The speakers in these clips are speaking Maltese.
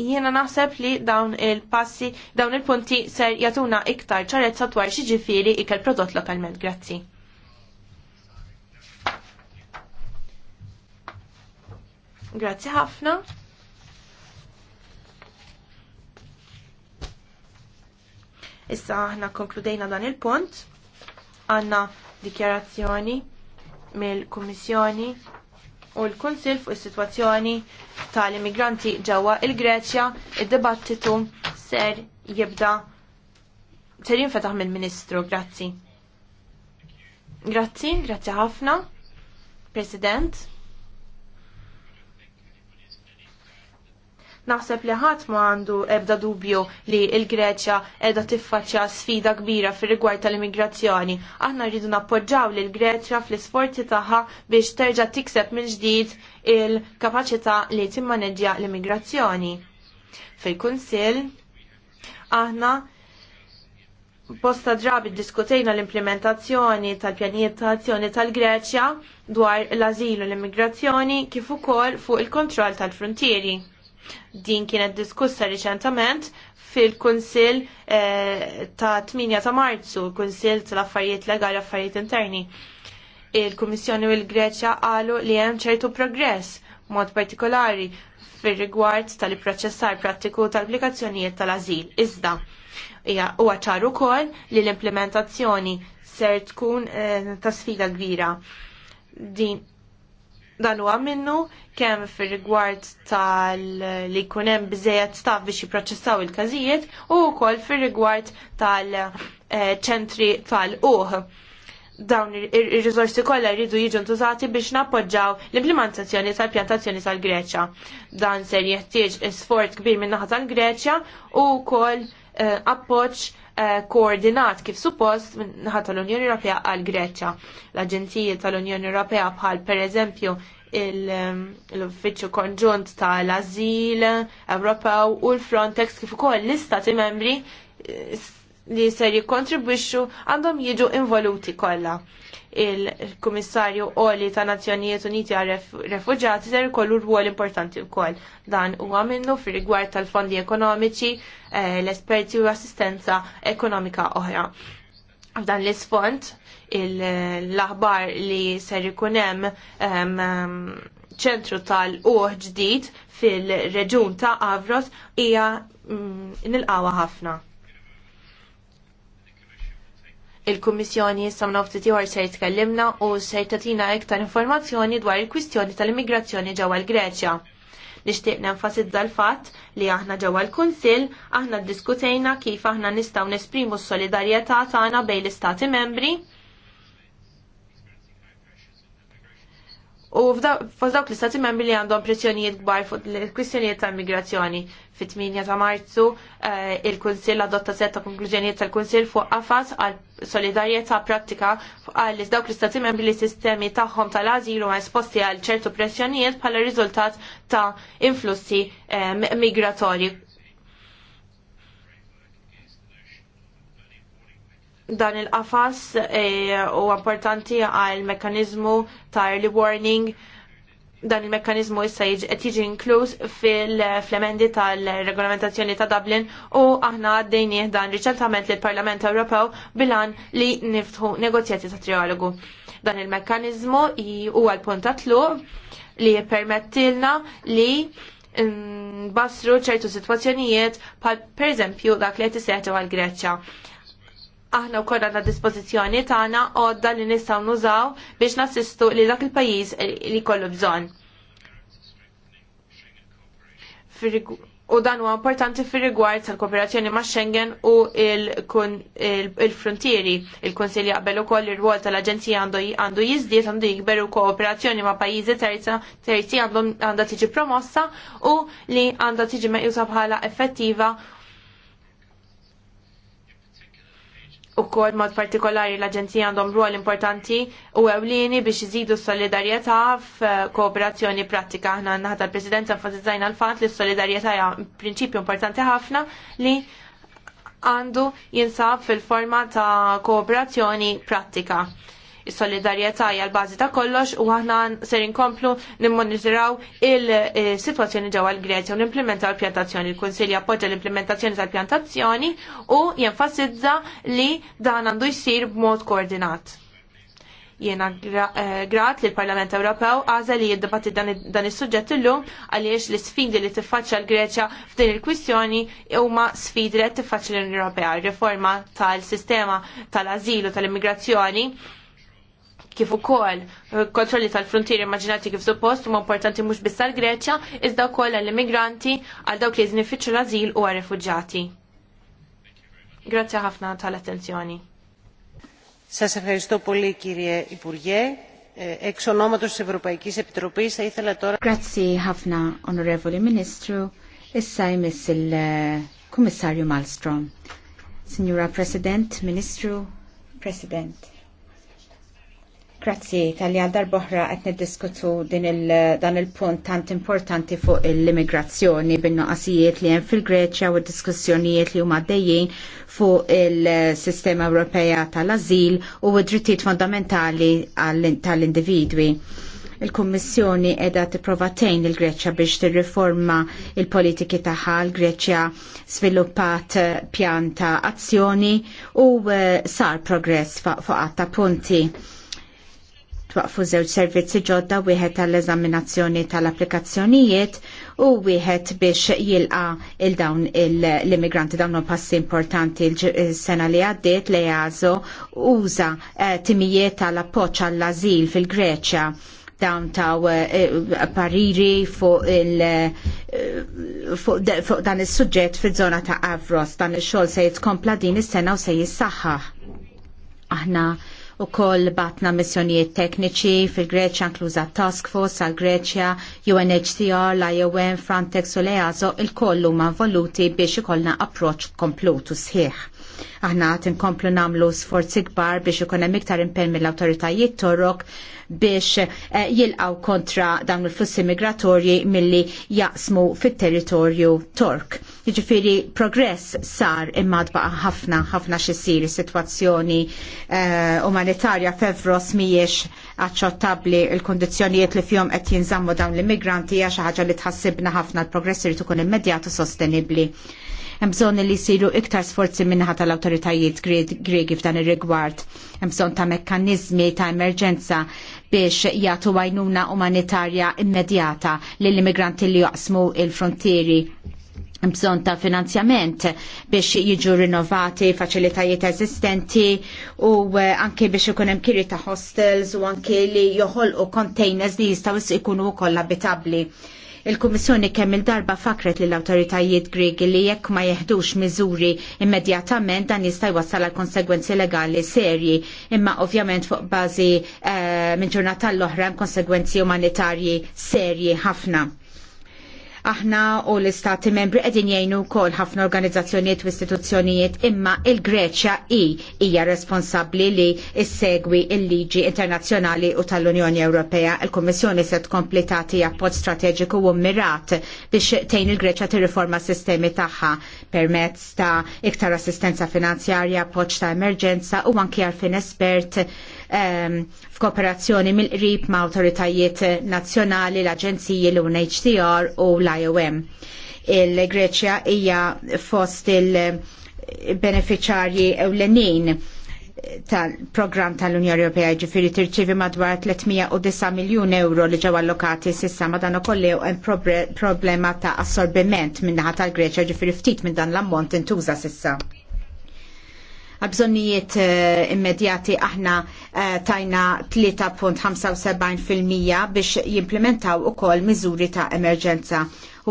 jiena naħseb li dawn il-passi, dawn il-punti ser jatuna iktar ċarezza dwar xi ġifieri ikel prodott lokalment. Grazzi. Grazzi ħafna. Issa aħna konkludejna dan il-punt. Għanna dikjarazzjoni mill-Kummissjoni u l-Kunsil fuq is-sitwazzjoni tal-immigranti ġewwa il-Greċja, id-dibattitu ser jibda ser jinfetaħ mill-Ministru. Grazzi. Grazzi, grazzi ħafna. President. Naħseb li ħadd ma għandu ebda dubju li l-Greċja qiegħda tiffaċċja sfida kbira fir rigward tal-immigrazzjoni. Aħna rridu nappoġġaw lil Greċja fl-isforzi tagħha biex terġa' tikseb minn ġdid il-kapaċità li timmaneġġja l-immigrazzjoni. Fil-Kunsill aħna Bosta drabi diskutejna l-implementazzjoni tal-pjanijiet ta' azzjoni tal-Greċja dwar l-azilu l-immigrazzjoni kif ukoll fuq il-kontroll tal-frontieri. Din kienet diskussa riċentament fil-Kunsil eh, ta' 8 ta' Marzu, Kunsil tal-Affarijiet Legali Affarijiet Interni. Il-Kummissjoni u l-Greċja qalu li hemm ċertu progress mod partikolari fir-rigward tal-proċessar prattiku tal-applikazzjonijiet tal-azil. Iżda, huwa ċar ukoll li l-implementazzjoni ser tkun eh, ta' sfida kbira. Din dan huwa minnu kemm fir-rigward tal li jkun hemm biżejjed staff biex jipproċessaw il-każijiet u wkoll fir-rigward tal-ċentri eh, tal-uħ. Dawn ir rizorsi kollha jridu jiġu ntużati biex nappoġġaw l-implementazzjoni tal-pjantazzjoni tal-Greċja. Dan ser jeħtieġ isfort kbir min naħa tal-Greċja u wkoll eh, appoġġ eh, koordinat kif suppost minnaħa tal-Unjoni Ewropea għal Greċja. L-Aġenziji tal-Unjoni Ewropea bħal pereżempju Um, l-Uffiċċju Konġunt tal-Azil Ewropew u l-Frontex kif ukoll l-istati membri eh, li ser jikkontribwixxu għandhom jiġu involuti kollha. Il-Kummissarju Oli ta' Nazzjonijiet Uniti għal Refuġati ser ikollu rwol importanti wkoll. Dan huwa minnu fir-rigward tal-fondi ekonomiċi, eh, l-esperti u assistenza ekonomika oħra. F'dan l-isfond, l-aħbar li ser ikunem hemm ċentru tal-uħ ġdid fil-reġun ta' Avros hija mm, nilqawa ħafna. Il-Kummissjoni samna ftit ieħor se jitkellimna u se tatina iktar informazzjoni dwar il-kwistjoni tal-immigrazzjoni ġewwa l-Greċja. Nixtieq nenfasizza l-fatt li aħna ġewwa l-Kunsill aħna ddiskutejna kif aħna nistgħu nesprimu s-solidarjetà tagħna bejn l-Istati membri U f'dawk dawk l-istati membri li għandhom pressjonijiet kbar fuq l-kwistjonijiet ta' immigrazzjoni fit-8 ta' Marzu eh, il-Kunsill adotta setta konklużjonijiet tal-Kunsill fuq qafas għal solidarjetà pratika għal dawk l-istati membri li sistemi tagħhom tal azilu ma' esposti għal ċertu pressjonijiet bħala riżultat ta' influssi eh, migratorji dan il-qafas e, u importanti għal mekanizmu ta' early warning dan il mekanizmu issa qed jiġi inkluż fil-flemendi tal-regolamentazzjoni ta' Dublin u aħna għaddejnieh dan riċentament lill parlament Ewropew bilan li niftħu negozjati ta' trialogu. Dan il mekanizmu huwa l-punt ta' tluq li jippermettilna li mm, basru ċertu situazzjonijiet pal per eżempju dak li qed għal greċja aħna wkoll ta' dispożizzjoni tagħna għodda li nistgħu nużaw biex nassistu li dak il-pajjiż li jkollu bżonn. U dan huwa importanti fir-rigward tal-kooperazzjoni ma' Schengen u il-frontieri. Il-Kunsill qabel ukoll ir-rwol tal-Aġenzija għandu jiżdied għandu jikber u kooperazzjoni ma' pajjiżi terzi għandha tiġi promossa u li għandha tiġi meqjusa bħala effettiva u kol mod partikolari l-Aġenzija għandhom ruol importanti u ewlini biex jżidu s-solidarieta f'kooperazzjoni pratika. Aħna naħta l presidenza enfatizzajna l-fat li s-solidarieta hija prinċipju importanti ħafna li għandu jinsab fil-forma ta' kooperazzjoni pratika. Is-solidarjetà hija l-bażi ta' kollox u aħna ser inkomplu nimmonitiraw il-sitwazzjoni ġewwa l-Grezja u nimplementaw l pjantazzjoni il kunsilja appoġġa l-implementazzjoni tal-pjantazzjoni u jenfasizza li dan għandu jsir b'mod koordinat. Jiena eh, grat li l-Parlament Ewropew għaza li jiddebatti dan is-suġġett illum għaliex l sfidi li tiffaċċja l-Greċja f'din il-kwistjoni huma sfidi li tiffaċċja l-Unjoni Ewropea. Riforma tal-sistema tal-azilu tal-immigrazzjoni kif ukoll eh, kontrolli tal-frontieri immaġinati kif suppost huma importanti mhux biss għall-Greċja iżda wkoll għall-immigranti għal dawk li jiżni l-ażil u għar-refuġġati. Grazzi ħafna tal-attenzjoni. Σας ευχαριστώ πολύ κύριε Υπουργέ. Εξ ονόματος της Ευρωπαϊκής Επιτροπής θα ήθελα τώρα... Grazie ħafna, onorevoli Ministru. Issa jmiss il-Kummissarju eh, Malmström. Signora President, Ministru, President. Grazzi tal-li għal darboħra għet niddiskutu il, dan il-punt tant importanti fuq l-immigrazzjoni bin noqasijiet li hemm fil-Greċja u d-diskussjonijiet li huma dejjin fuq il-Sistema Ewropea tal-Azil u d-drittijiet fondamentali tal-individwi. Il-Kummissjoni edha tipprova tgħin il-Greċja biex tirriforma il-politiki tagħha l-Greċja sviluppat pjan ta' azzjoni u eh, sar progress fuq ta' punti twaqfu żewġ servizzi ġodda wieħed għall-eżaminazzjoni tal-applikazzjonijiet u wieħed biex jilqa il-dawn l-immigranti dawn passi importanti l-sena li għaddiet li għazo uża eh, timijiet tal-appoċ għall-azil fil-Greċja dawn ta' eh, pariri fuq il eh, fuq dan is-suġġett fi żona ta' Avros dan ix-xogħol se jitkompla din is-sena u se jissaħħaħ. Aħna U koll batna missjonijiet tekniċi fil-Greċja nkluża Task Force għal Greċja, UNHCR, l-IOM, Frontex u l-EASO il-kollu ma' voluti biex ikollna approċ komplutu sħiħ. Aħna inkomplu namlu sforzi kbar biex ikun hemm iktar impenn mill-awtoritajiet torok biex eh, jilqaw kontra dawn il-flussi migratorji milli jaqsmu fit-territorju Tork. Jiġifieri progress sar imma tbaqa' ħafna ħafna xisir is-sitwazzjoni eh, umanitarja f'Evros mhijiex aċċettabbli l-kundizzjonijiet li fihom qed jinżammu dawn l-immigranti hija xi ħaġa li tħassibna ħafna l-progress irid ikun immedjat u sostenibbli. Hemm bżonn li jsiru iktar sforzi minnaħa tal-awtoritajiet Gregi f'dan ir-rigward. Hemm bżonn ta' mekkaniżmi ta' emerġenza biex jagħtu għajnuna umanitarja immedjata lill-immigranti li jaqsmu il-frontieri bżon ta' finanzjament biex jiġu rinnovati faċilitajiet eżistenti u eh, anke biex ikun hemm kiri ta' hostels u anke li joħolqu containers li jistgħu jkunu wkoll abitabbli. Il-Kummissjoni kemm il-darba fakret lill awtoritajiet Griegi li jekk ma jeħdux miżuri immedjatament dan jista' jwassal għal konsegwenzi legali serji, imma ovvjament fuq bażi uh, minn ġurnata l-oħra konsegwenzi umanitarji serji ħafna Aħna u l-istati membri qegħdin jgħinu wkoll ħafna organizzazzjonijiet u istituzzjonijiet imma il-Greċja i hija responsabbli li issegwi il-liġi internazzjonali u tal-Unjoni Ewropea. Il-Kummissjoni se tkompli tagħti appoġġ strateġiku u mirat biex tgħin il-Greċja tirriforma s-sistemi tagħha permezz ta' iktar assistenza finanzjarja, appoġġ ta' emerġenza u anki għarfien espert Ehm, f'kooperazzjoni mill-qrib ma' awtoritajiet nazzjonali, l-Aġenziji, l-UNHCR u l-IOM. Il-Greċja hija fost il-beneficjarji ewlenin tal-program tal-Unjoni Ewropea ġifiri tirċivi madwar 309 miljon euro li ġew allokati sissa ma dan ukoll hemm problema ta' assorbiment min-naħa tal-Greċja ġifiri ftit minn dan l-ammont intuża sissa għabżonijiet eh, immedjati aħna eh, tajna 3.75% biex jimplementaw u kol miżuri ta' emerġenza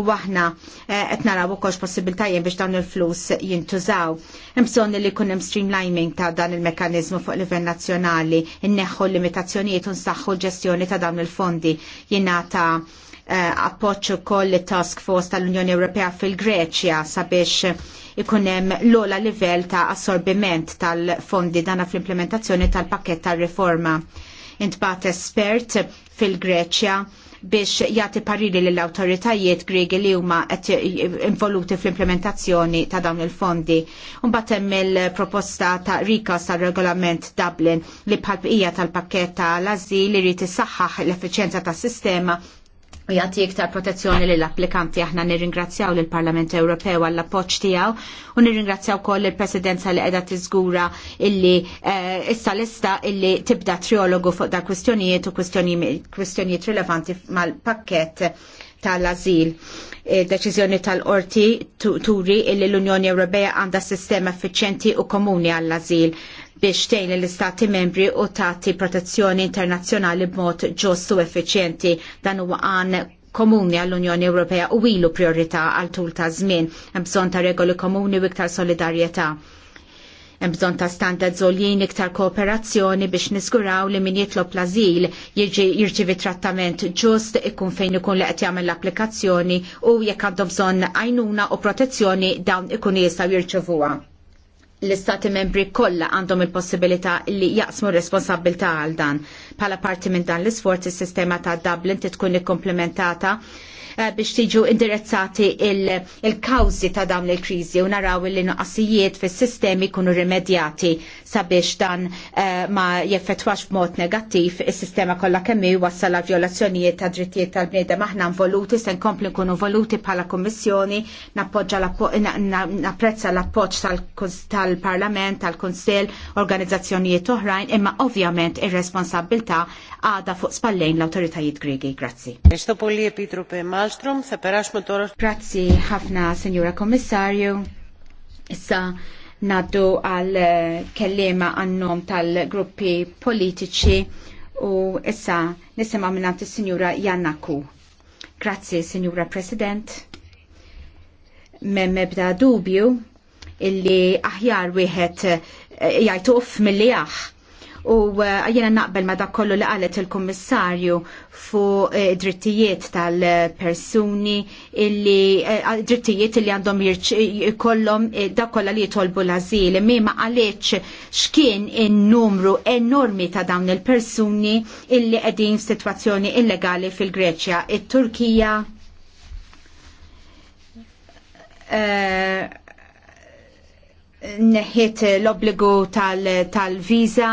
u aħna eh, qed naraw ukoll possibiltajiet biex dawn il-flus jintużaw. Hemm bżonn li jkun hemm streamlining ta' dan il mekanizmu fuq livell nazzjonali, inneħħu l limitazzjonijiet u nsaħħu l-ġestjoni ta' dawn il-fondi jingħata Eh, appoċ ukoll li task force tal-Unjoni Ewropea fil-Greċja sabiex ikun hemm l-ola livell ta' assorbiment tal-fondi dana fl-implementazzjoni tal-pakket tar riforma Intbat espert fil-Greċja biex jati pariri l awtoritajiet gregi li huma involuti fl-implementazzjoni ta' dawn il-fondi. Unbat hemm il-proposta ta' rikas tar regolament Dublin li bħal bqija tal pakketta tal-azil li rrid isaħħaħ l-effiċjenza tas-sistema u jgħati iktar protezzjoni lill applikanti aħna nirringrazzjaw lill parlament Ewropew għall appoġġ tiegħu u nirringrazzjaw koll il-Presidenza li qiegħda tiżgura illi eh, issa lista illi tibda triologu fuq da kwistjonijiet u kwistjonijiet rilevanti mal-pakket tal-azil. E, deċiżjoni tal-qorti turi illi l-Unjoni Ewropea għandha sistema effiċjenti u komuni għall-azil biex tgħin l-istati membri u tagħti protezzjoni internazzjonali b'mod ġust u effiċjenti dan huwa għan komuni għall-Unjoni Ewropea u ilu priorità għal tul ta' żmien hemm bżonn ta' regoli komuni u iktar solidarjetà. Hemm bżonn ta' standards għoljin iktar kooperazzjoni biex niskuraw li min jitlob l-azil jirċivi trattament ġust ikun fejn ikun li qed jagħmel l-applikazzjoni u jekk għandhom bżonn għajnuna u protezzjoni dawn ikun jistgħu jirċevuha l-istati membri kollha għandhom il-possibilità li jaqsmu responsabilta għal dan. Pala parti minn dan l isforzi is-sistema ta' Dublin titkun ikkomplementata Eh, biex tiġu indirizzati il-kawzi ta' dawn il-krizi u naraw li nuqqasijiet fis sistemi kunu rimedjati sabiex dan eh, ma jeffetwax b'mod negattiv is-sistema kollha kemm wassal violazzjonijiet ta' drittijiet tal bnedem aħna voluti se nkompli nkunu voluti bħala Kommissjoni, nappoġġa napprezza l-appoġġ tal-Parlament, tal konsil organizzazzjonijiet oħrajn, imma ovvjament ir-responsabilità għada fuq spallejn l-awtoritajiet Gregi. Grazzi. Malmström, Grazzi ħafna, Senjura Kommissarju. Issa naddu għal eh, kellima għannom tal-gruppi politiċi u issa nisema minnant il sinjura Jannaku. Grazzi, Senjura President. Mem ebda dubju illi aħjar wieħed eh, jajtuf mill-li aħ u eh, jena naqbel ma dak kollu li qalet il-Kummissarju fu eh, drittijiet tal-persuni illi eh, drittijiet illi għandhom kollom dak kollha li jitolbu l-azil mi ma qaletx xkien il numru enormi ta' dawn il-persuni illi qegħdin f'sitwazzjoni illegali fil-Greċja, it-Turkija. neħiet l-obbligu tal-viza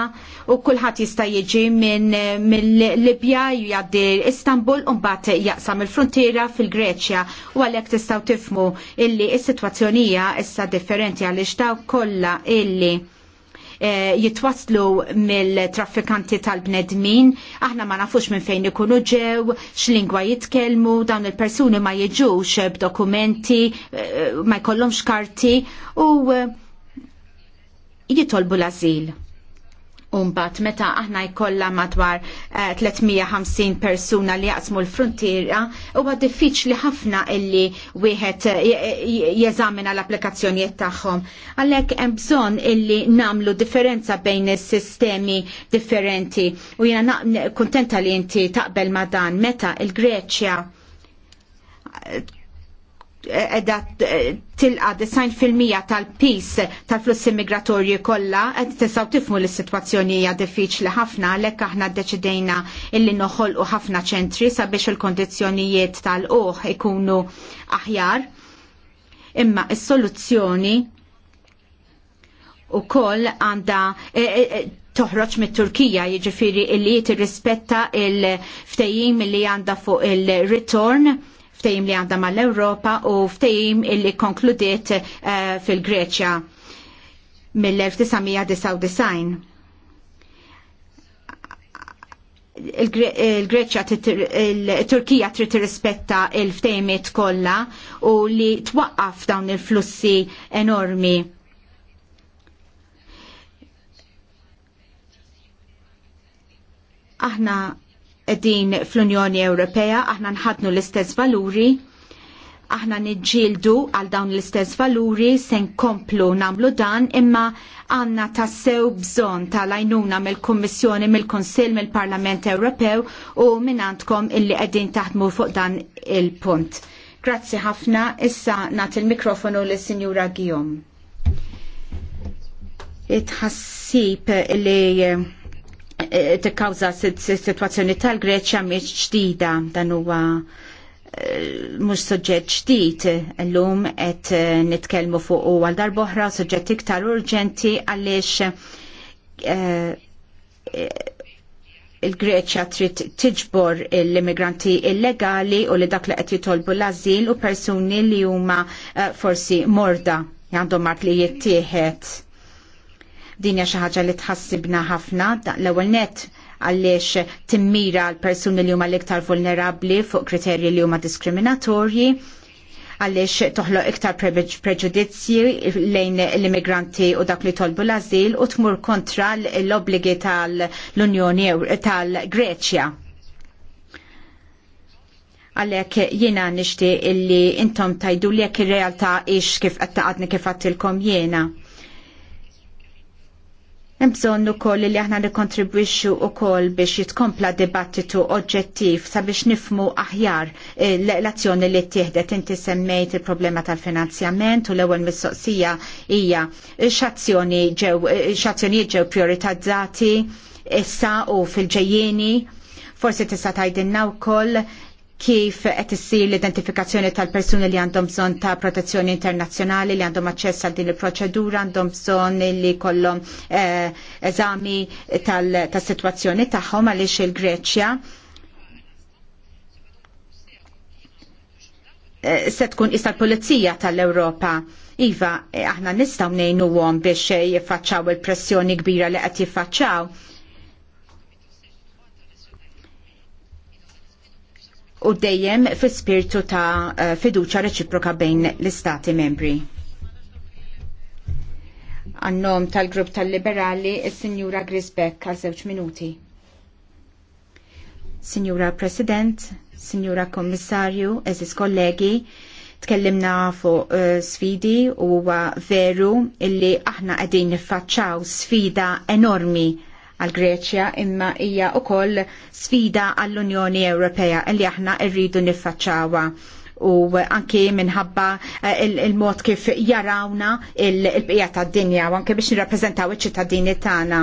u kulħadd jista' jiġi minn min Libja jgħaddi Istanbul u mbagħad jaqsam il-frontiera fil-Greċja u għalhekk tistgħu tifmu illi s-sitwazzjonija issa differenti għaliex daw kollha illi jitwasslu eh, jitwaslu mill-traffikanti tal-bnedmin, aħna ma nafux minn fejn ikunu ġew, x'lingwa jitkellmu, dawn il-persuni ma jiġux b'dokumenti, eh, ma jkollhomx karti u eh, jitolbu l-azil. Umbat, meta aħna jkollha madwar 350 eh, persuna li jaqsmu l-frontiera, huwa diffiċli ħafna illi wieħed eh, jeżamina l-applikazzjonijiet tagħhom. Għalhekk hemm bżonn illi nagħmlu differenza bejn is-sistemi differenti. U jiena kuntenta li inti taqbel ma' dan meta il-Greċja eh, edha tilqa 90% tal-pis tal-flussi migratorji kollha qed tistgħu tifmu l-situazzjoni hija diffiċli ħafna għalhekk aħna ddeċidejna illi u ħafna ċentri sabiex il kondizjonijiet tal uħ ikunu aħjar. Imma is-soluzzjoni u koll għanda e, e, e toħroċ mit turkija jiġifiri illi tirrispetta il-ftejim illi għanda fuq il-return ftejim li għandha mal-Ewropa u ftejim illi konkludiet uh, fil-Greċja mill-1999. il-Greċja, il-Turkija trid tirrispetta il-ftejmiet kollha u li twaqqaf dawn il-flussi enormi. Aħna din fl-Unjoni Ewropea, aħna nħadnu l-istess valuri, aħna nġildu għal dawn l-istess valuri, sen komplu namlu dan, imma għanna tassew bżon tal-għajnuna mill-Kommissjoni, mill-Konsil, mill-Parlament Ewropew u minnantkom illi għedin taħdmu fuq dan il-punt. Grazzi ħafna, issa nat il-mikrofonu l-Sinjura Gijom. Itħassib li tikkawża situazzjoni tal-Greċja mhix ġdida dan huwa eh, mux suġġett ġdid l-lum et eh, nitkelmu fuq u għal darboħra suġġett iktar urġenti għalix eh, il-Greċja trid tiġbor l-immigranti illegali u li dak li qed jitolbu l-azil u persuni li huma forsi morda għandhom mart li jittieħed Din hija xi ħaġa li tħassibna ħafna l-ewwel net għaliex timmira l-persuni li huma l-iktar vulnerabbli fuq kriterji li huma diskriminatorji għaliex toħloq iktar preġudizzji lejn l-immigranti u dak li tolbu l-azil u tmur kontra l-obligi tal-Unjoni tal-Greċja. Għalek jena nishti illi intom tajdu li jek il-realtà ix kif għattaqatni kif għattilkom jena. Mbżon u koll li aħna nikontribwixxu u koll biex jitkompla dibattitu oġġettiv sabiex nifmu aħjar eh, l-azzjoni li tieħdet inti semmejt il-problema tal-finanzjament u l-ewwel mistoqsija hija eh, x'azzjonijiet ġew prioritizzati issa u fil-ġejjieni. Forsi tista' tgħidilna wkoll kif qed issir l-identifikazzjoni tal-persuni li għandhom bżonn ta' protezzjoni internazzjonali li għandhom aċċess għal din il-proċedura, għandhom bżonn li kollhom eh, eżami tas-sitwazzjoni tagħhom għaliex il-Greċja eh, se tkun issa l-Pulizija tal-Ewropa. Iva, eh, aħna nistgħu ngħinuhom biex jiffaċċaw il-pressjoni kbira li qed jiffaċċaw u dejjem fi spirtu ta' eh, fiduċa reċiproka bejn l-istati membri. Għannom tal-grupp tal-liberali, il-Sinjura Grisbeck, għal żewġ minuti. Signura President, Signora Kommissarju, eżis kollegi, tkellimna fu uh, eh, sfidi u veru illi aħna qegħdin niffaċċaw sfida enormi għal Greċja imma hija wkoll sfida għall-Unjoni Ewropea li aħna rridu niffaċċawha u anke minħabba eh, il-mod kif jarawna il-bqija tad-dinja u anke biex nirrappreżentaw iċ-ċittadini tagħna.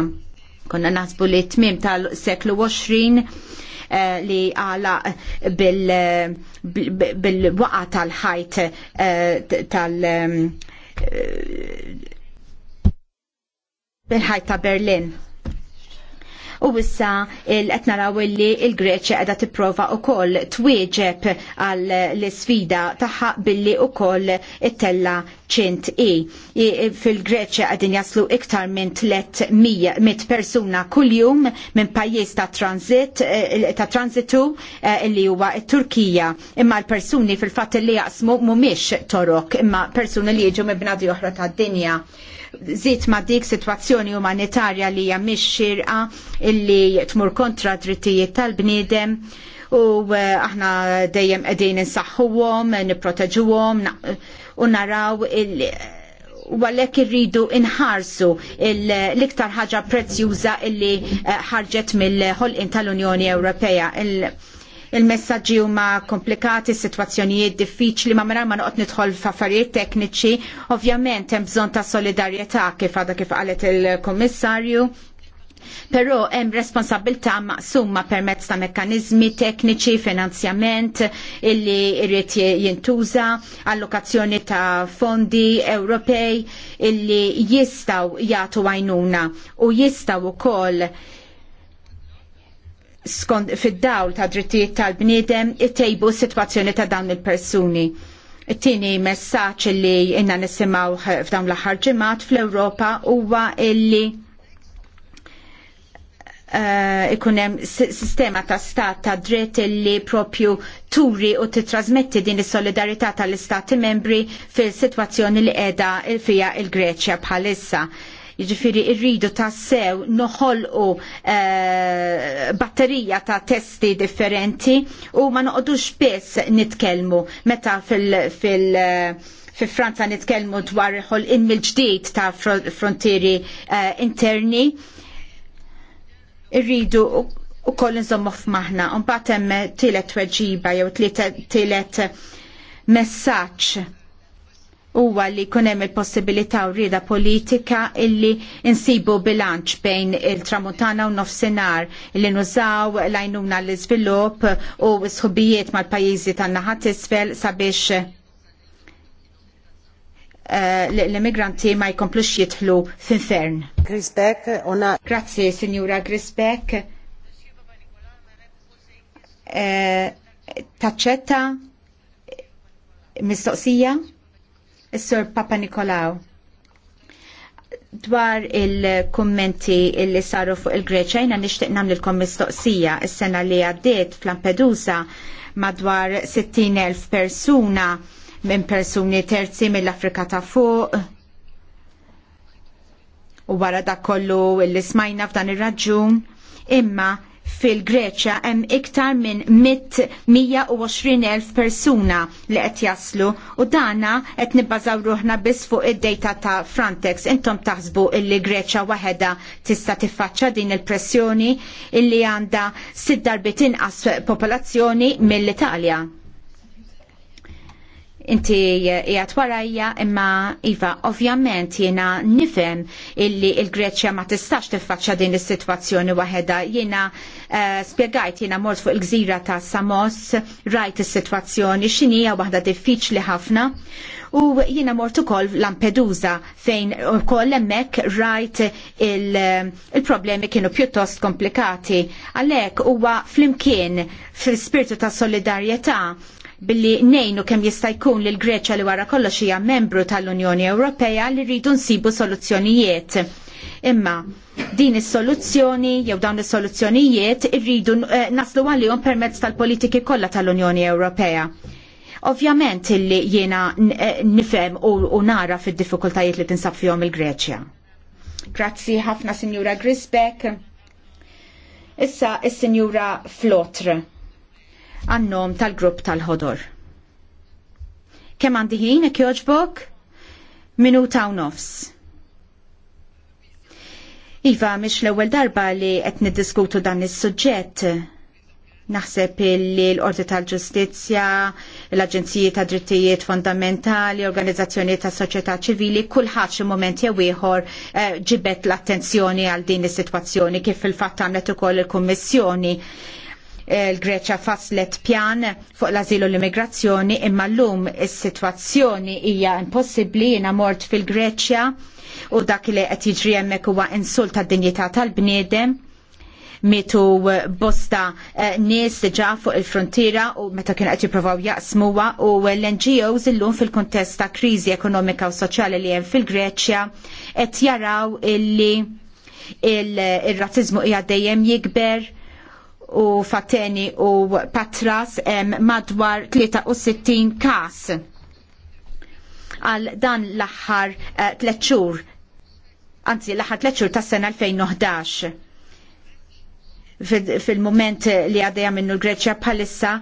Konna naħsbu li tmim tal-seklu 20 eh, li għala bil-waqa tal-ħajt eh, tal- bil-ħajt ta' Berlin u issa qed etna li il-Greċja qiegħda tipprova wkoll twieġeb għal l-isfida tagħha billi wkoll it-tella ċint i. Fil-Greċja qegħdin jaslu iktar minn 300 persuna kuljum minn pajjiż ta' transit eh, ta' transitu eh, li huwa t-Turkija imma l-persuni fil fat li jaqsmu mhumiex torok imma persuni li jiġu minn bnadi oħra tad-dinja zit ma dik situazzjoni umanitarja li hija mhix xirqa illi tmur kontra drittijiet tal-bniedem u eh, aħna dejjem qegħdin insaħħuhom, nipproteġuhom u naraw il għalek irridu inħarsu l-iktar ħaġa prezzjuża illi eh, ħarġet mill-ħolqin tal-Unjoni Ewropea. Il il-messagġi huma komplikati, situazzjonijiet diffiċli, ma mara ma noqgħod nidħol f'affarijiet tekniċi, ovvjament hemm bżonn ta' solidarjetà kif għadha kif qalet il-Kummissarju. Però hemm responsabilità maqsuma permezz ta' mekkaniżmi tekniċi, finanzjament illi irrid jintuża, allokazzjoni ta' fondi Ewropej illi jistgħu jagħtu għajnuna u jistgħu wkoll skont fid-dawl ta' drittijiet tal-bniedem ittejbu s-sitwazzjoni ta' dawn il-persuni. It-tieni messaġġ li inna nisimgħu f'dawn l-aħħar ġimgħat fl-Ewropa huwa illi Uh, eh, ikunem sistema ta' stat ta' dritt illi propju turi u titrasmetti din is-solidarità tal-istati membri fil-situazzjoni li qiegħda il fija il-Greċja bħalissa. Jiġifieri rridu ta' sew noħolqu eh, batterija ta' testi differenti u ma noqogħdux biss nitkellmu meta fil-, fil eh, fi Franza nitkellmu dwar il in mill-ġdid ta' frontieri uh, interni. Irridu u koll nżommu f'maħna, un hemm tielet weġiba jew tielet messaġġ huwa li jkun hemm il-possibilità u rieda politika illi insibu bilanċ bejn il-tramuntana u nofsinhar illi nużaw l-għajnuna l-iżvilupp u sħubijiet mal-pajjiżi tan-naħat isfel sabiex eh, l-immigranti ma jkomplux jitħlu f'infern. Grazzi ona. Grazie, signora Grisbeck. Eh, taċċetta? Mistoqsija? Is-Sur Papa Nikolaw dwar il-kommenti li saru fuq il-Greċa, jina nishtiq namlilkom mistoqsija s-sena li għaddiet fl-Lampedusa madwar 60.000 persuna minn persuni terzi mill-Afrika ta' fuq. U wara da kollu li smajna f'dan ir-raġun, imma fil-Greċja hemm iktar minn 120,000 persuna li qed jaslu u dana qed nibbażaw ruħna biss fuq id-data ta' Frontex. Intom taħsbu illi Greċja waħedha tista' tiffaċċa din il-pressjoni illi għandha sid darbit inqas popolazzjoni mill-Italja inti jgħat warajja imma Iva, ovvjament jena nifem illi il-Greċja ma tistax tiffaċċa din is-sitwazzjoni waħedha. Jena eh, spjegajt spiegajt jena mort fuq il-gżira ta' Samos, rajt is-sitwazzjoni x'inija waħda diffiċli ħafna. U jina mortu kol Lampedusa fejn kol emmek rajt eh, il-problemi il kienu pjuttost komplikati. Għalek huwa flimkien fil-spirtu ta' solidarieta billi nejnu kem jista' jkun lil Greċja li wara kollox hija membru tal-Unjoni Ewropea li rridu nsibu soluzzjonijiet. Imma din is-soluzzjoni jew dawn is-soluzzjonijiet irridu eh, naslu għalihom permezz tal-politiki kollha tal-Unjoni Ewropea. Ovvjament illi jiena eh, nifhem u nara fid-diffikultajiet li tinsab fihom il-Greċja. Grazzi ħafna Sinjura Grisbeck. Issa is-Sinjura Flotre għannom tal-grupp tal-ħodor. Kem għandi ħin, kjoġbok? Minuta u nofs. Iva, mish l-ewel darba li qed niddiskutu dan is-suġġett. Naħseb li l-Ordi tal-Ġustizzja, l-Aġenziji ta' Drittijiet Fondamentali, Organizzazzjoni ta' Soċjetà Ċivili, kulħadd xi moment jew ieħor eh, ġibet l-attenzjoni għal din is-sitwazzjoni kif fil-fatt għamlet ukoll il-Kummissjoni l-Greċja faslet pjan fuq l-azilu l-immigrazzjoni imma llum is-sitwazzjoni hija impossibbli jiena mort fil-Greċja u dak li qed jiġri hemmhekk huwa insult tad-dinjità tal-bniedem mitu bosta eh, nies ġa fuq il-frontiera u meta kienu qed jippruvaw jaqsmuha u l-NGOs illum fil-kuntest ta' kriżi ekonomika u soċjali li hemm fil-Greċja qed jaraw illi il-razzizmu hija dejjem jikber u Fateni u Patras em, madwar 63 kas għal dan l-aħħar eh, tletxur, anzi l-aħħar tletxur tas sena 2011. Fil-moment li għadeja minnu l-Greċja palissa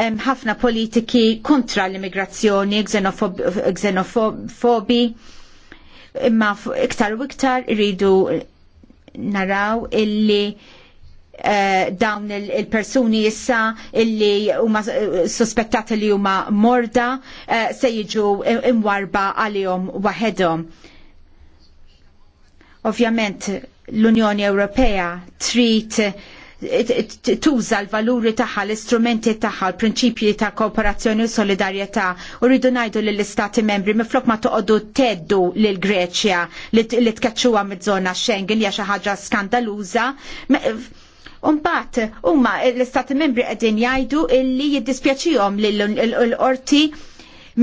ħafna politiki kontra l-immigrazzjoni, xenofobi, imma iktar u iktar iridu naraw illi eh, dawn il-persuni jissa issa illi huma eh, suspettati li huma morda eh, se jiġu imwarba għalihom waħedhom. Ovvjament l-Unjoni Ewropea trid tuża l-valuri tagħha, l-istrumenti tagħha, l-prinċipji ta' kooperazzjoni u solidarjetà u rridu ngħidu lill-istati membri miflok ma toqgħodu teddu lil Greċja li tkeċċuha miż-żona Schengen hija xi ħaġa skandaluża. Umbat, huma l-istati membri qegħdin jgħidu illi jiddispjaċihom lill qorti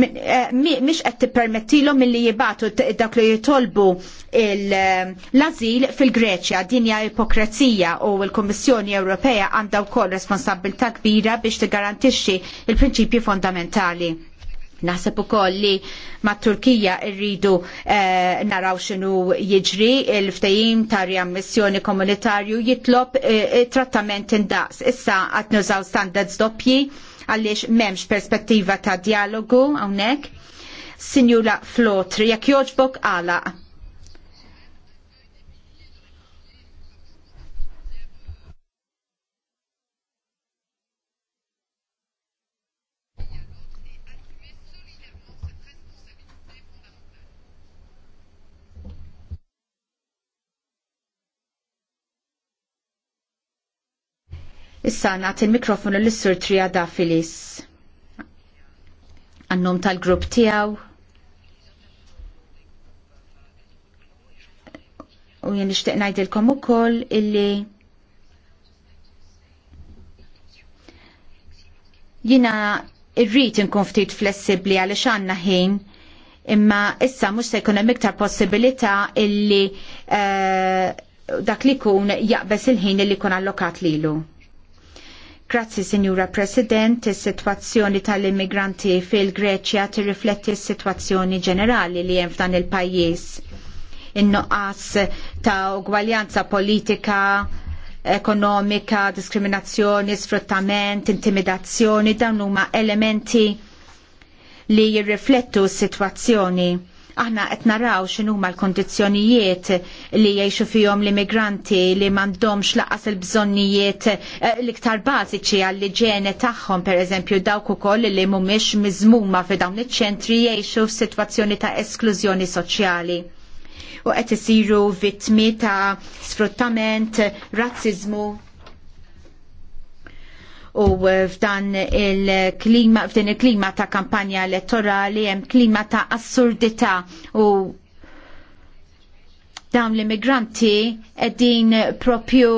Eh, mhix qed tippermettilhom milli jibatu dak li jitolbu ehm, l-azil fil-Greċja din hija ipokrezija u l-Kummissjoni Ewropea għandha wkoll responsabilità kbira biex tigarantixxi l prinċipji fondamentali. Naħseb ukoll li mat Turkija rridu eh, naraw x'inhu jiġri il-ftehim ta' riammissjoni komunitarju jitlob eh, trattament indaqs. Issa qed nużaw standards doppji għaliex m'hemmx perspettiva ta' dialogu hawnhekk. Sinjura Flotri, jekk jogħġbok għalaq. Issa nagħti il-mikrofonu lis-Sur Trija Dafilis. Annum tal-grupp tiegħu. U jien nixtieq ngħidilkom ukoll illi jina irrit inkun ftit flessibli għaliex għandna ħin imma issa mhux se jkun hemm iktar possibilità illi uh, dak li jkun jaqbes il-ħin illi jkun allokat lilu. Grazzi, Signora President. Is-sitwazzjoni tal-immigranti fil-Greċja tirrifletti s-sitwazzjoni ġenerali li hemm f'dan il-pajjiż. In-nuqqas ta' ugwaljanza politika, ekonomika, diskriminazzjoni, sfruttament, intimidazzjoni, dawn huma elementi li jirriflettu s-sitwazzjoni Aħna qed naraw x'inhuma l-kondizzjonijiet li jgħixu fihom l-immigranti li m'għandhomx laqas il-bżonnijiet eh, l-iktar bażiċi għall-iġene tagħhom pereżempju dawk ukoll li mhumiex miżmuma fi dawn iċ-ċentri jgħixu f'sitwazzjoni ta' esklużjoni soċjali u qed isiru vittmi ta' sfruttament, razziżmu u eh, f'dan il-klima, f'din il-klima ta' kampanja elettorali hemm klima ta' assurdità u dawn l-immigranti qegħdin propju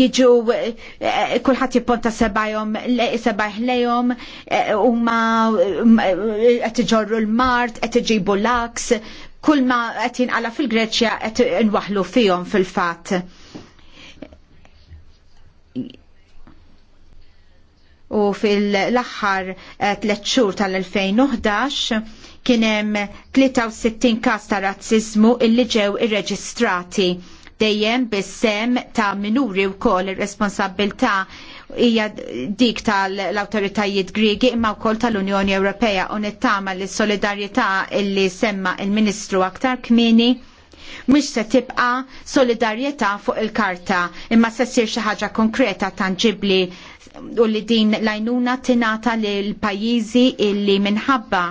jiġu eh, kullħat jipponta sebajom sebajh lejom eh, u ma mm, qed iġorru l-mart qed iġibu l-aks kull ma qed jinqala fil-Greċja qed inwaħħlu fihom fil-fatt u fil-aħħar eh, tliet xhur tal-2011 kien hemm 63 każ ta' razziżmu illi ġew irreġistrati dejjem bis-sem ta' minuri wkoll ir-responsabbiltà hija dik tal-awtoritajiet Griegi imma wkoll tal-Unjoni Ewropea u nittama li solidarjetà illi semma il-Ministru aktar kmieni mhux se tibqa' solidarjetà fuq il-karta imma se ssir xi ħaġa konkreta tanġibli u li din lajnuna tinata l pajjiżi illi minħabba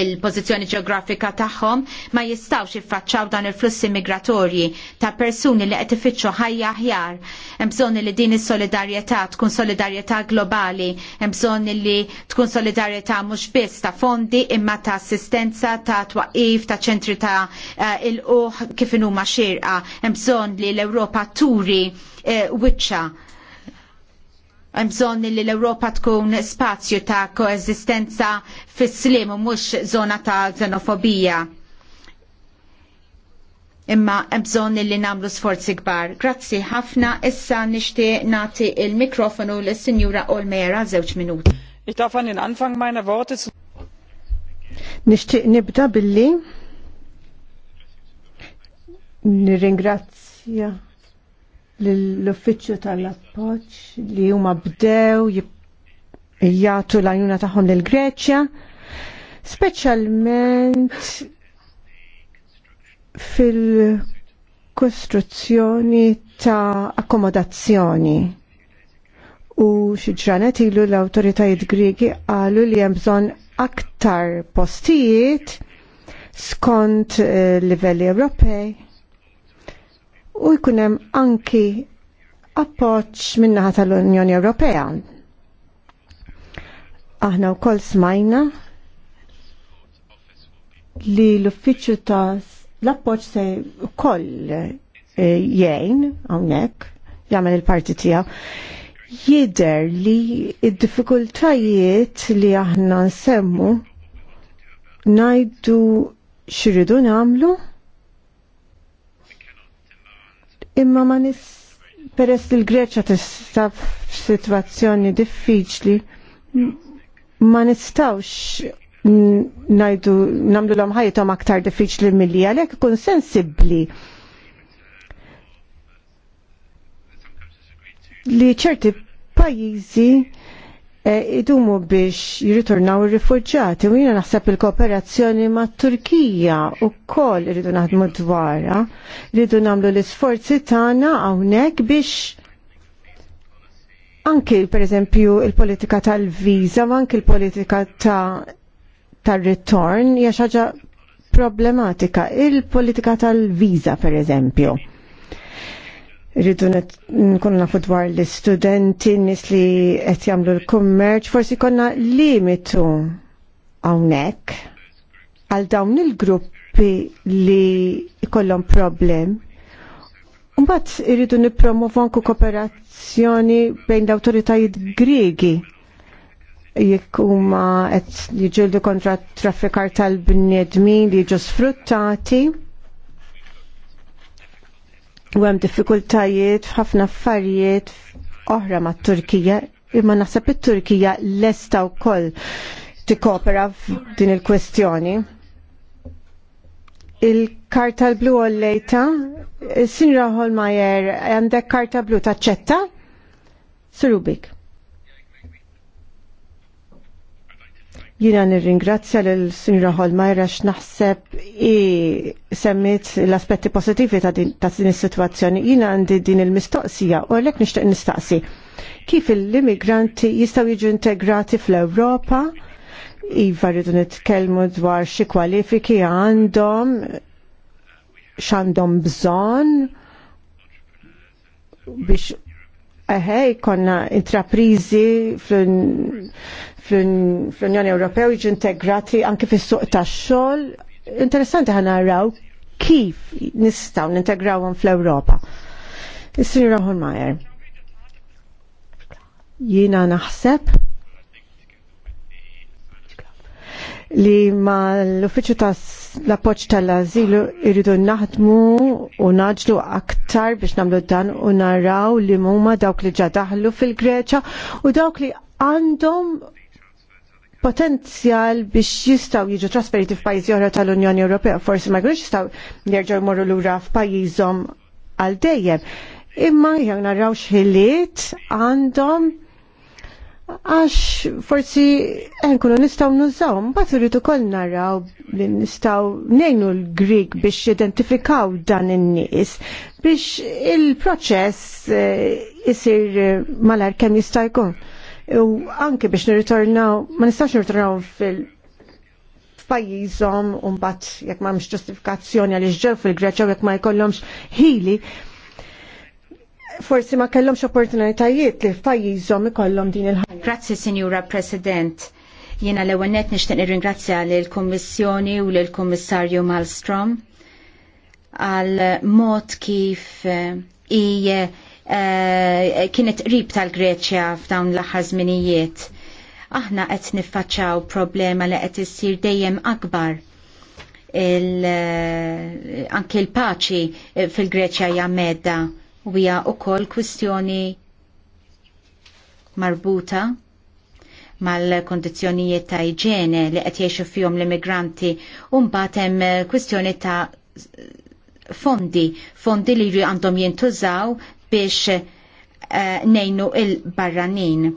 il-pozizjoni ġeografika tagħhom ma jistawx jiffaċċaw dan il-flussi migratorji ta' persuni li qed ifittxu ħajja aħjar. Hemm bżonn li din is-solidarjetà tkun solidarjetà globali, hemm bżonn li tkun solidarjetà mhux biss ta' fondi imma ta' assistenza, ta' twaqif, ta' ċentri ta' eh, il-uħ kif huma xirqa. Hemm bżonn li l-Ewropa turi eh, wiċċa Hemm bżonn li l-Ewropa tkun spazju ta' koeżistenza fis-slim u mhux żona ta' xenofobija. Imma hemm bżonn li nagħmlu sforzi kbar. Grazzi ħafna issa nixtieq nagħti l mikrofonu lis-Sinjura Olmera żewġ minuti. Nixtieq Anfang Worte zu nibda billi nirringrazzja l-uffiċċju tal-appoċ li huma bdew jagħtu l-għajnuna tagħhom l Greċja, speċjalment fil-kostruzzjoni ta' akkomodazzjoni. U xi ġranet ilu l-awtoritajiet Griegi qalu li hemm bżonn aktar postijiet skont eh, livelli Ewropej u jkun hemm anki appoġġ min-naħa tal-Unjoni Ewropea. Aħna wkoll smajna li l-uffiċċju ta' l-appoġġ se wkoll eh, jgħin hawnhekk jagħmel il-parti tiegħu jider li id-diffikultajiet li aħna nsemmu najdu xiridu namlu Imma ma nis peress li l-Greċa tista' f'sitwazzjoni diffiċli ma nistawx najdu namlu l ħajtom aktar diffiċli milli għalhekk ikun sensibbli li ċerti pajjiżi E, idumu biex jirritornaw il-rifugġati u jiena naħseb il-kooperazzjoni ma' Turkija u koll rridu naħdmu dwarha, rridu nagħmlu l-isforzi tagħna hawnhekk biex anki pereżempju il-politika tal-viża u anki il-politika tar-ritorn hija xi ħaġa problematika, il-politika tal-viża pereżempju rridu nkunu nafu dwar l-studenti, nis li qed jagħmlu l-kummerċ, forsi konna limitu hawnhekk għal dawn il-gruppi li jkollhom problem. Mbagħad irridu nippromovu anku kooperazzjoni bejn l-awtoritajiet Griegi jekk huma qed jiġġieldu kontra t traffikar tal-bniedmin li jiġu sfruttati u hemm diffikultajiet f'ħafna affarijiet oħra mat-Turkija imma naħseb it-Turkija lesta wkoll tikkopera f'din il-kwestjoni. Il-karta l-blu għollejta, Sinra Holmajer, għandek karta blu taċċetta? Surubik. Jina nirringrazzja l sinjura Holmajra x-naħseb i semmit l-aspetti pozittivi ta' din is-sitwazzjoni. Jina għandi din il-mistoqsija u għalhekk nixtieq nistaqsi. Kif l-immigranti jistgħu jiġu integrati fl-Ewropa? Iva rridu nitkellmu dwar xi kwalifiki għandhom x'għandhom bżonn biex Eħej konna intraprizi fl-Unjoni Ewropew jiġu integrati anke fis-suq tax-xogħol. Interessanti ħana naraw kif nistgħu nintegrawhom fl-Ewropa. Is-Sinjura Maier. Jiena naħseb li ma l-Uffiċċju l appoġġ tal-Azilu irridu naħdmu u naġlu aktar biex nagħmlu dan u naraw li muma dawk li ġadaħlu daħlu fil-Greċa u dawk li għandhom potenzjal biex jistaw jiġu trasferiti f'pajjiżi oħra tal-Unjoni Ewropea, forsi ma jkunux jistaw jerġgħu jmorru lura f'pajjiżhom għal dejjem. Imma jew naraw x'ħiliet għandhom għax forsi nkunu nistaw nużaw, mbagħad rritu ukoll naraw li nistaw ngħinu l-Grig biex identifikaw dan in-nies biex il-proċess eh, isir eh, malar kemm jista' jkun. U anke biex nirritornaw, ma nistax nirritornaw fil pajjiżhom u mbagħad jekk m'hemmx ġustifikazzjoni għaliex ġew fil-Greċja u jekk ma jkollhomx ħili, forsi ma kellhomx opportunitajiet li f'pajjiżhom ikollhom din il-ħajja. Grazzi, Sinjura President. Jiena l-ewwel nett nixtieq nirringrazzja lill-Kummissjoni u lill-Kummissarju Malmstrom għal mod kif eh, i eh, kienet qrib tal-Greċja f'dawn l-aħħar żminijiet. Aħna qed niffaċċaw problema li qed issir dejjem akbar. Il, eh, anke l-paċi fil-Greċja hija medda u hija wkoll kwistjoni marbuta mal-kondizjonijiet ta' iġene li qed jgħixu fihom l-immigranti u mbagħad hemm kwistjoni ta' fondi, fondi li jri għandhom jintużaw biex uh, nejnu il-barranin.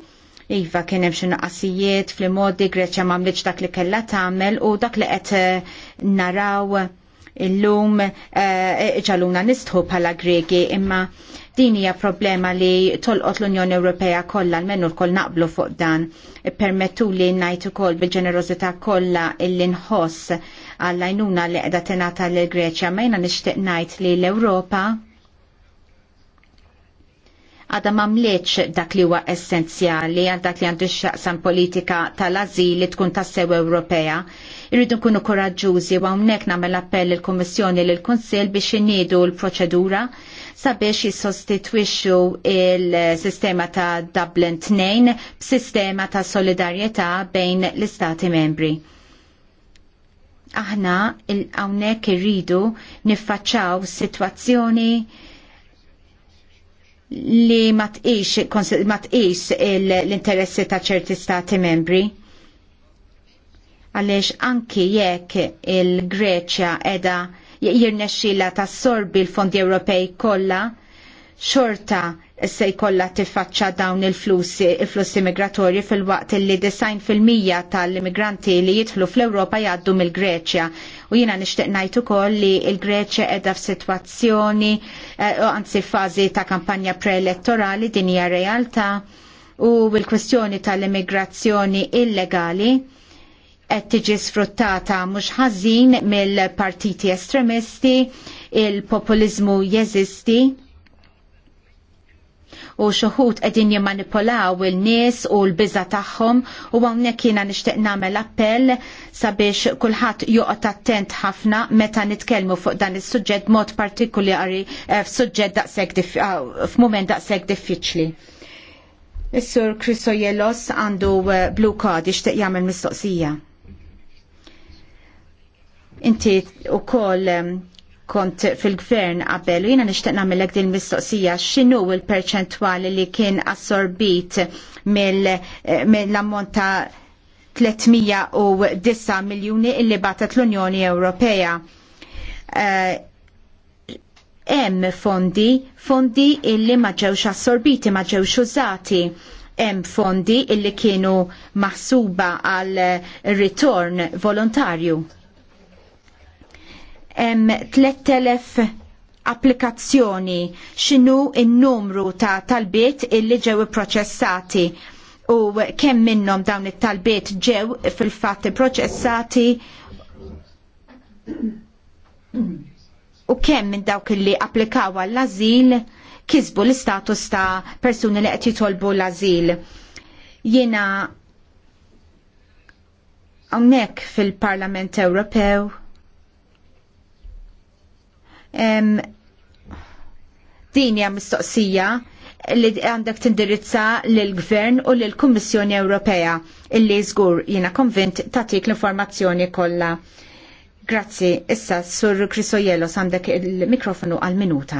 Iva kien hemm xi naqasijiet fl-modi Greċja m'għamlitx dak li kellha tagħmel u dak li qed eh, naraw illum eh, ġaluna nistħu bħala Gregi imma din hija problema li tolqot l-Unjoni Ewropea kollha l-menu l-koll naqblu fuq dan. Permettu li ngħid ukoll bil-ġenerosità kollha illi nħoss għall-għajnuna li qiegħda tingħata lil Greċja ma jena nixtieq ngħid li l-Ewropa għada ma mleċ dak li huwa essenzjali għal dak li għandu xaqsan politika tal-azil li tkun tassew Ewropea Irridu nkunu koraġġużi u hawnhekk nagħmel appell il-Kummissjoni l kunsill biex iniedu l-proċedura sabiex jissostitwixxu il-sistema ta' Dublin 2 b'sistema ta' solidarjetà bejn l-istati membri aħna hawnhekk irridu niffaċċaw sitwazzjoni li ma tqis l-interessi ta' ċerti stati membri għaliex anki jekk il-Greċja edha jirnexxila tassorbi l-fondi Ewropej kollha, xorta se jkollha tiffaċċa dawn il-flussi il-flussi migratorji fil-waqt li 90 fil-mija tal-immigranti li jidħlu fl-Ewropa jgħaddu mill-Greċja. U jiena nixtieq ngħid ukoll li l-Greċja qiegħda f'sitwazzjoni uh, anzi fażi ta' kampanja preelettorali din hija realtà u l-kwestjoni tal-immigrazzjoni illegali qed tiġi sfruttata mhux ħażin mill-partiti estremisti, il-populizmu jeżisti u xoħut qegħdin jimmanipolaw il-nies u l biża tagħhom u hawnhekk jiena nixtieq nagħmel appell sabiex kulħadd joqgħod attent ħafna meta nitkellmu fuq dan is-suġġett mod partikulari eh, f'suġġett daqshekk ah, f'mument daqshekk diffiċli. Is-sur Krisojelos għandu eh, blue card ixtieq jagħmel mistoqsija. Inti u koll kont fil-gvern qabel u jina nixtieq nagħmilek din mistoqsija x'inhu l-perċentwali li kien assorbit mill-ammont eh, ta' 309 miljuni illi batet l-Unjoni Ewropea. Eh, hemm fondi, fondi illi ma ġewx assorbiti, ma ġewx użati hemm fondi illi kienu maħsuba għal ritorn volontarju 3000 applikazzjoni x'inhu n-numru ta' talbiet illi ġew ipproċessati u kemm minnhom dawn it-talbiet ġew fil-fatt ipproċessati u kemm minn dawk li applikaw għall-azil kisbu l-istatus ta' persuni li qed jitolbu l-azil. Jiena hawnhekk fil-Parlament Ewropew din hija mistoqsija li għandek tindirizza lill gvern u lill kummissjoni Ewropea illi żgur jiena konvint tagħtik l-informazzjoni kollha. Grazzi, issa sur Krisojello għandek il-mikrofonu għal-minuta.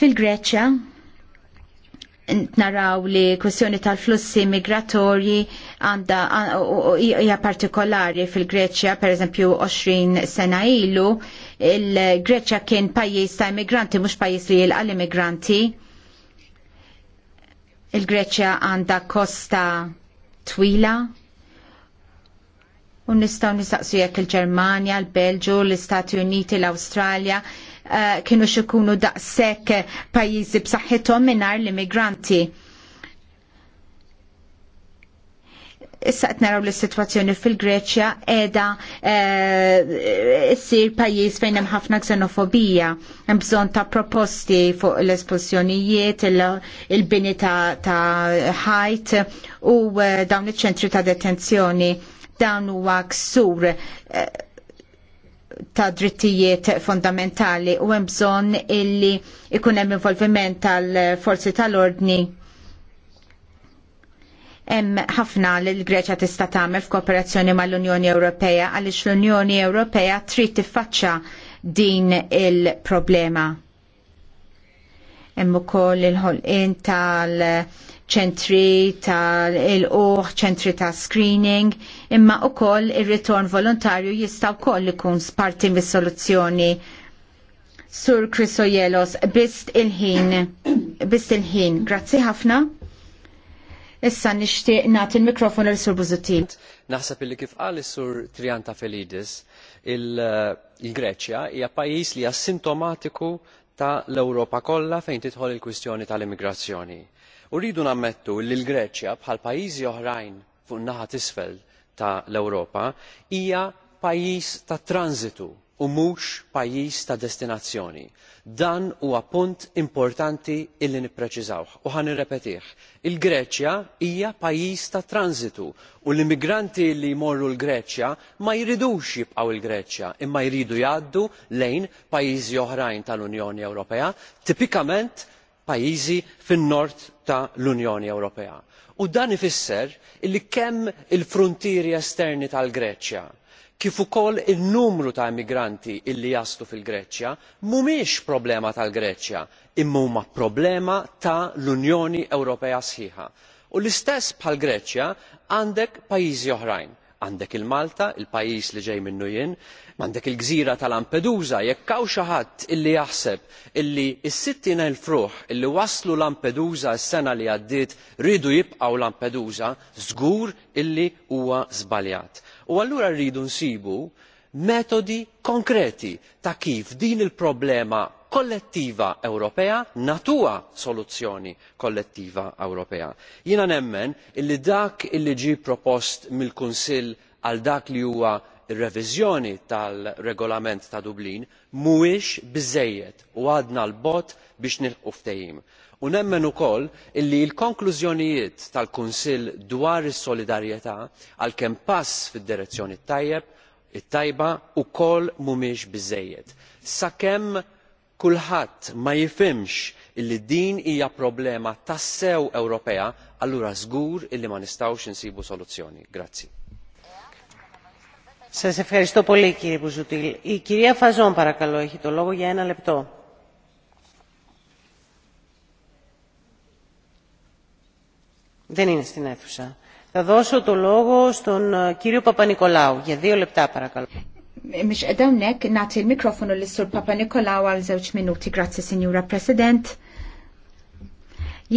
Fil-Greċja, naraw li kwestjoni tal-flussi migratorji għanda hija partikolari fil-Greċja, per eżempju 20 sena ilu, il-Greċja kien pajjiż ta' immigranti, mhux pajjiż li jilqa' immigranti. Il-Greċja għanda kosta twila, u nistgħu nistaqsu jekk il-Ġermanja, l-Belġu, l-Istati Uniti, l-Awstralja, Eh, kienu xikunu daqsek pajizi b'saħħithom mingħajr l-immigranti. Issa qed naraw l-sitwazzjoni fil-Greċja qiegħda eh, ssir pajjiż fejn hemm ħafna xenofobija, hemm bżonn ta' proposti fuq l-espulsjonijiet, il-bini ta' ħajt u eh, dawn iċ-ċentri ta' detenzjoni dawn huwa ksur ta' drittijiet fondamentali u hemm bżonn illi ikun hemm involviment tal-forzi tal-ordni hemm ħafna li l-Greċja tista' tagħmel f'kooperazzjoni mal-Unjoni Ewropea għaliex l-Unjoni Ewropea trid tiffaċċja din il-problema. Hemm ukoll il-ħolqien tal- ċentri ta' il-uħ, ċentri ta' screening, imma u koll il-ritorn volontarju jistaw koll ikun sparti mis soluzzjoni Sur Jelos, bist il-ħin, bist il-ħin, grazzi ħafna. Issa nishtiq nagħti il-mikrofon l sur Buzutin. Naħseb illi kif qal is-sur Trianta Felidis, eh, il-Greċja hija pajjiż li hija sintomatiku ta' l-Ewropa kollha fejn tidħol il-kwistjoni tal-immigrazzjoni Uridu rridu nammettu li l-Greċja bħal pajjiżi oħrajn fuq naħa t'isfel ta' l-Ewropa hija pajjiż ta' transitu u mhux pajjiż ta' destinazzjoni. Dan huwa punt importanti illi nippreċizaw. u ħa nirrepetih. Il-Greċja hija pajjiż ta' transitu u l-immigranti li jmorru l-Greċja ma jridux jibqgħu il-Greċja imma jridu jgħaddu lejn pajjiżi oħrajn tal-Unjoni Ewropea tipikament pajjiżi fin-nord tal unjoni ewropea u dan ifisser li kemm il fruntieri esterni tal greċja kif ukoll in numru ta' immigranti li jaslu fil greċja mhumiex problema tal greċja imma huma problema tal unjoni ewropea sħiħa u l-istess bħal greċja għandek pajjiżi oħrajn għandek il malta il pajjiż li ġej minnu jien m'għandek il-gżira ta' Lampedusa jekk hawn xi ħadd illi jaħseb illi s-sittin elf fruħ illi waslu Lampedusa s-sena li għaddiet rridu jibqgħu Lampedusa żgur illi huwa żbaljat. U allura rridu nsibu metodi konkreti ta' kif din il-problema kollettiva Ewropea natuwa soluzzjoni kollettiva Ewropea. Jiena nemmen illi dak illi ġie propost mill-Kunsill għal dak li huwa ir-reviżjoni tal-regolament ta' dublin mhuwiex biżżejjed u għadna l bogħod biex nilħqu ftehim u nemmen ukoll li l-konklużjonijiet tal kunsill dwar is-solidarjetà għalkemm pass fid-direzzjoni tajba wkoll mhumiex biżżejjed sakemm kulħadd ma jifhimx illi din hija problema tassew ewropea allura żgur illi ma nistgħux insibu soluzzjoni. Σας ευχαριστώ πολύ κύριε Μπουζουτήλ. Η κυρία Φαζόν παρακαλώ έχει το λόγο για ένα λεπτό. Δεν είναι στην αίθουσα. Θα δώσω το λόγο στον κύριο Παπα-Νικολάου για δύο λεπτά παρακαλώ. Mix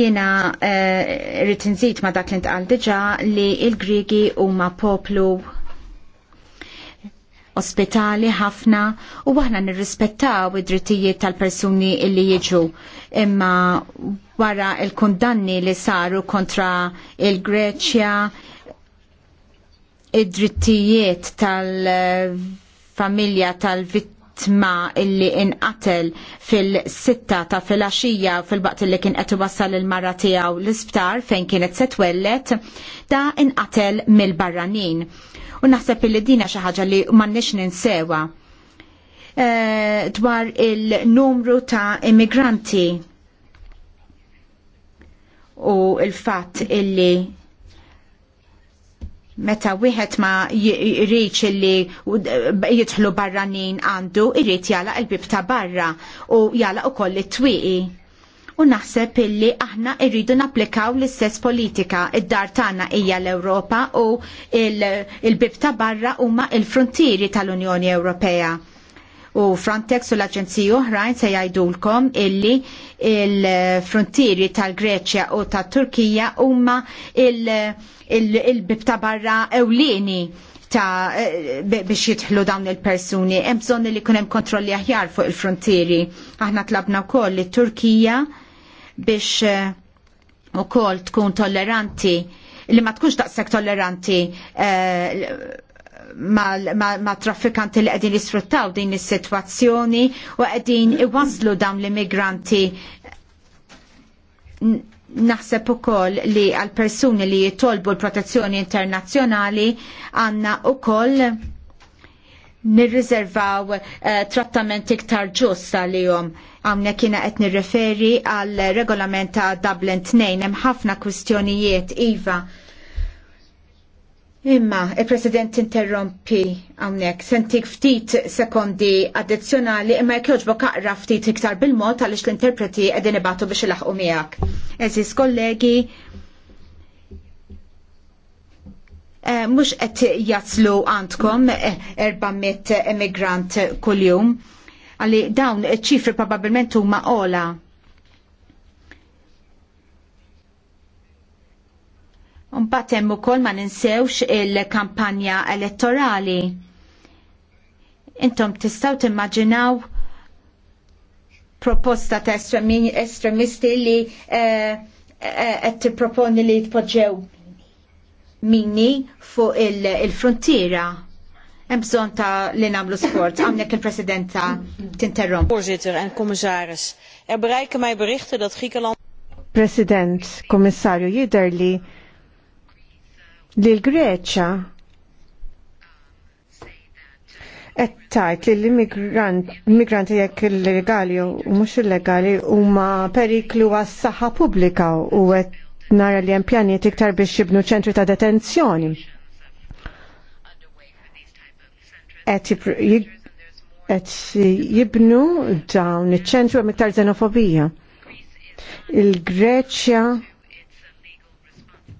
Jena rritinżit ma dak li ntqal li il-Grigi huma poplu ospitali ħafna u aħna nirrispettaw id-drittijiet tal-persuni illi jiġu imma wara il kundanni li saru kontra il-Greċja id-drittijiet tal-familja tal-vittma illi inqatel fil-sitta ta' filaxija fil-baqt li kien qed iwassal il-mara tiegħu l-isptar fejn kienet setwellet da inqatel mill-barranin u naħseb illi dina xi ħaġa li m'għandniex ninsewa eh, dwar il-numru ta' immigranti u il-fatt illi meta wieħed ma jrid illi jidħlu barranin għandu, irrit jala il-bib ta' barra u jala u koll it-twiqi u naħseb illi aħna irridu napplikaw l-istess politika. Id-dar tagħna hija l-Ewropa u il-bib ta' barra huma il-frontieri tal-Unjoni Ewropea. U Frontex u l-Aġenziji oħrajn se jgħidulkom illi il-frontieri tal-Greċja u tat-Turkija huma il-bib ta' barra ewlieni ta' biex jitħlu dawn il-persuni. Hemm bżonn li jkun hemm kontrolli aħjar fuq il-frontieri. Aħna tlabna wkoll li Turkija biex eh, u kol tkun tolleranti li ma tkunx daqshekk tolleranti eh, ma' traffikanti li qegħdin jisfruttaw din is-sitwazzjoni u qegħdin iwaslu dawn l-immigranti naħseb ukoll li għal persuni li jitolbu l-protezzjoni internazzjonali għandna kol nirriservaw eh, trattament iktar ġust għalihom. Għamna kiena qed nirreferi għal regolament ta' Dublin 2 hemm ħafna kwistjonijiet iva. Imma, il-President interrompi għamnek, sentik ftit sekondi addizzjonali, imma jek joġbo kaqra ftit iktar bil-mod għaliex l-interpreti qegħdin ibatu biex ilaħqu miegħek. Eżis kollegi, Eh, mhux qed jazlu għandkom 400 eh, emigrant kuljum. Għalli dawn ċifri probabbilment huma ola. Mbagħad hemm ukoll ma ninsewx il-kampanja elettorali. Intom tistgħu timmaġinaw proposta ta' estremisti li eh, qed tipproponi li jitpoġġew Minni fuq il-frontiera. Hemm bżonn ta' li nagħmlu sport. Għamlek il-Presidenta tinterromp. Voorzitter en commissaris, er bereiken mij berichten dat Griekenland President, Kommissarju jidher li l-Greċa qed tajt li l-immigranti jekk il-legali u mhux illegali huma periklu għas-saħħa pubblika u qed nara li hemm pjanijiet iktar biex jibnu ċentri ta' detenzjoni. Qed jibnu dawn iċ-ċentru hemm iktar xenofobija. Il-Greċja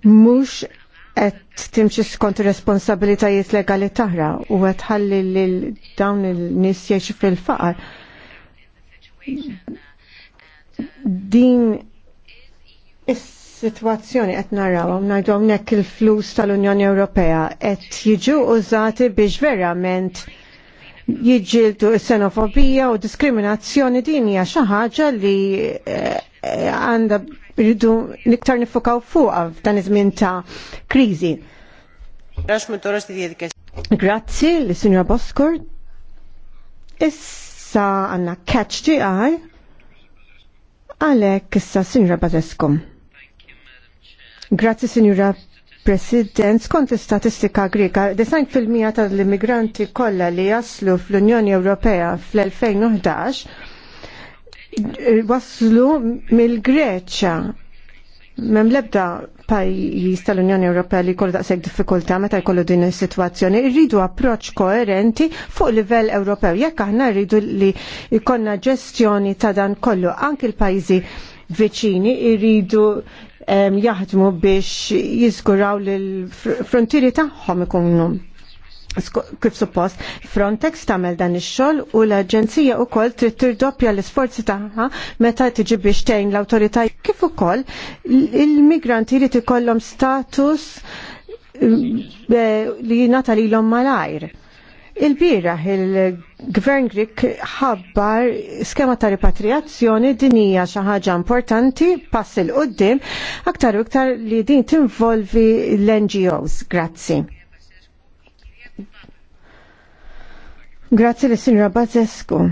mhux qed timxi skont ir-responsabilitajiet legali taħra u qed ħalli lil dawn il-nies jgħixu fil-faqar. Din is situazzjoni qed naraw ngħidu hawnhekk il-flus tal-Unjoni Ewropea qed jiġu użati biex verament jiġġieldu s-xenofobija u diskriminazzjoni din hija xi ħaġa li eh, għandha rridu niktar nifukaw fuqha f'dan iż-żmien ta' kriżi. Grazzi li Sinjora Boskur. Issa għandna catch di għaj għalek issa Sinjora Bazeskum. Grazzi, Signora President, skont l-istatistika Grika, 90% tal-immigranti kollha li jaslu fl-Unjoni Ewropea fl-2011 waslu mill-Greċja. Mem lebda pajjiż tal-Unjoni Ewropea li jkollu daqshekk diffikultà meta jkollu din is-sitwazzjoni, rridu approċċ koerenti fuq livell Ewropew. Jekk aħna rridu li jkollna ġestjoni ta' dan kollu anke l-pajjiżi viċini irridu jaħdmu biex jiżguraw l-frontieri tagħhom ikunu kif suppost, Frontex tagħmel dan ix-xogħol u l-Aġenzija wkoll trid tirdoppja l-isforzi tagħha meta tiġi biex tgħin l-awtorità kif ukoll il-migranti jrid ikollhom status li jingħata lilhom malajr. Il-bieraħ il gvern Grik ħabbar skema ta' repatriazzjoni din hija xi ħaġa importanti pass il qudiem aktar u iktar li din tinvolvi l-NGOs. Grazzi. Grazzi lis sinjora Bazescu.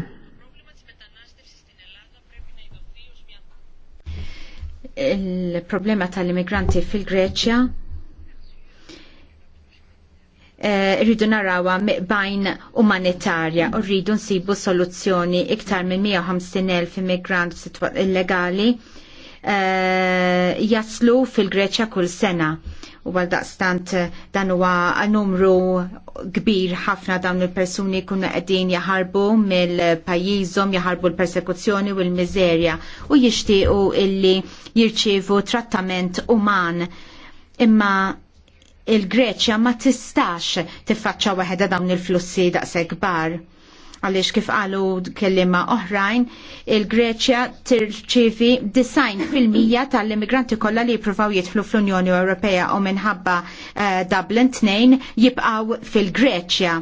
Il-problema tal-immigranti fil-Greċja Eh, rridu narawa miqbajn umanitarja u rridu nsibu soluzzjoni iktar minn 150.000 immigrant illegali eh, jaslu fil-Greċja kull sena u għal daqstant eh, dan huwa numru kbir ħafna dawn il-persuni kunu qegħdin jaħarbu mill-pajjiżhom jaħarbu l-persekuzzjoni u l-miżerja u jixtiequ illi jirċievu trattament uman imma il-Greċja ma tistax tiffaċċa waħda dawn il-flussi daqshekk kbar. Għaliex kif qalu kelliema oħrajn, il-Greċja tirċivi 90% tal-immigranti kollha li jippruvaw jitflu fl-Unjoni Ewropea u minħabba uh, Dublin 2 jibqgħu fil-Greċja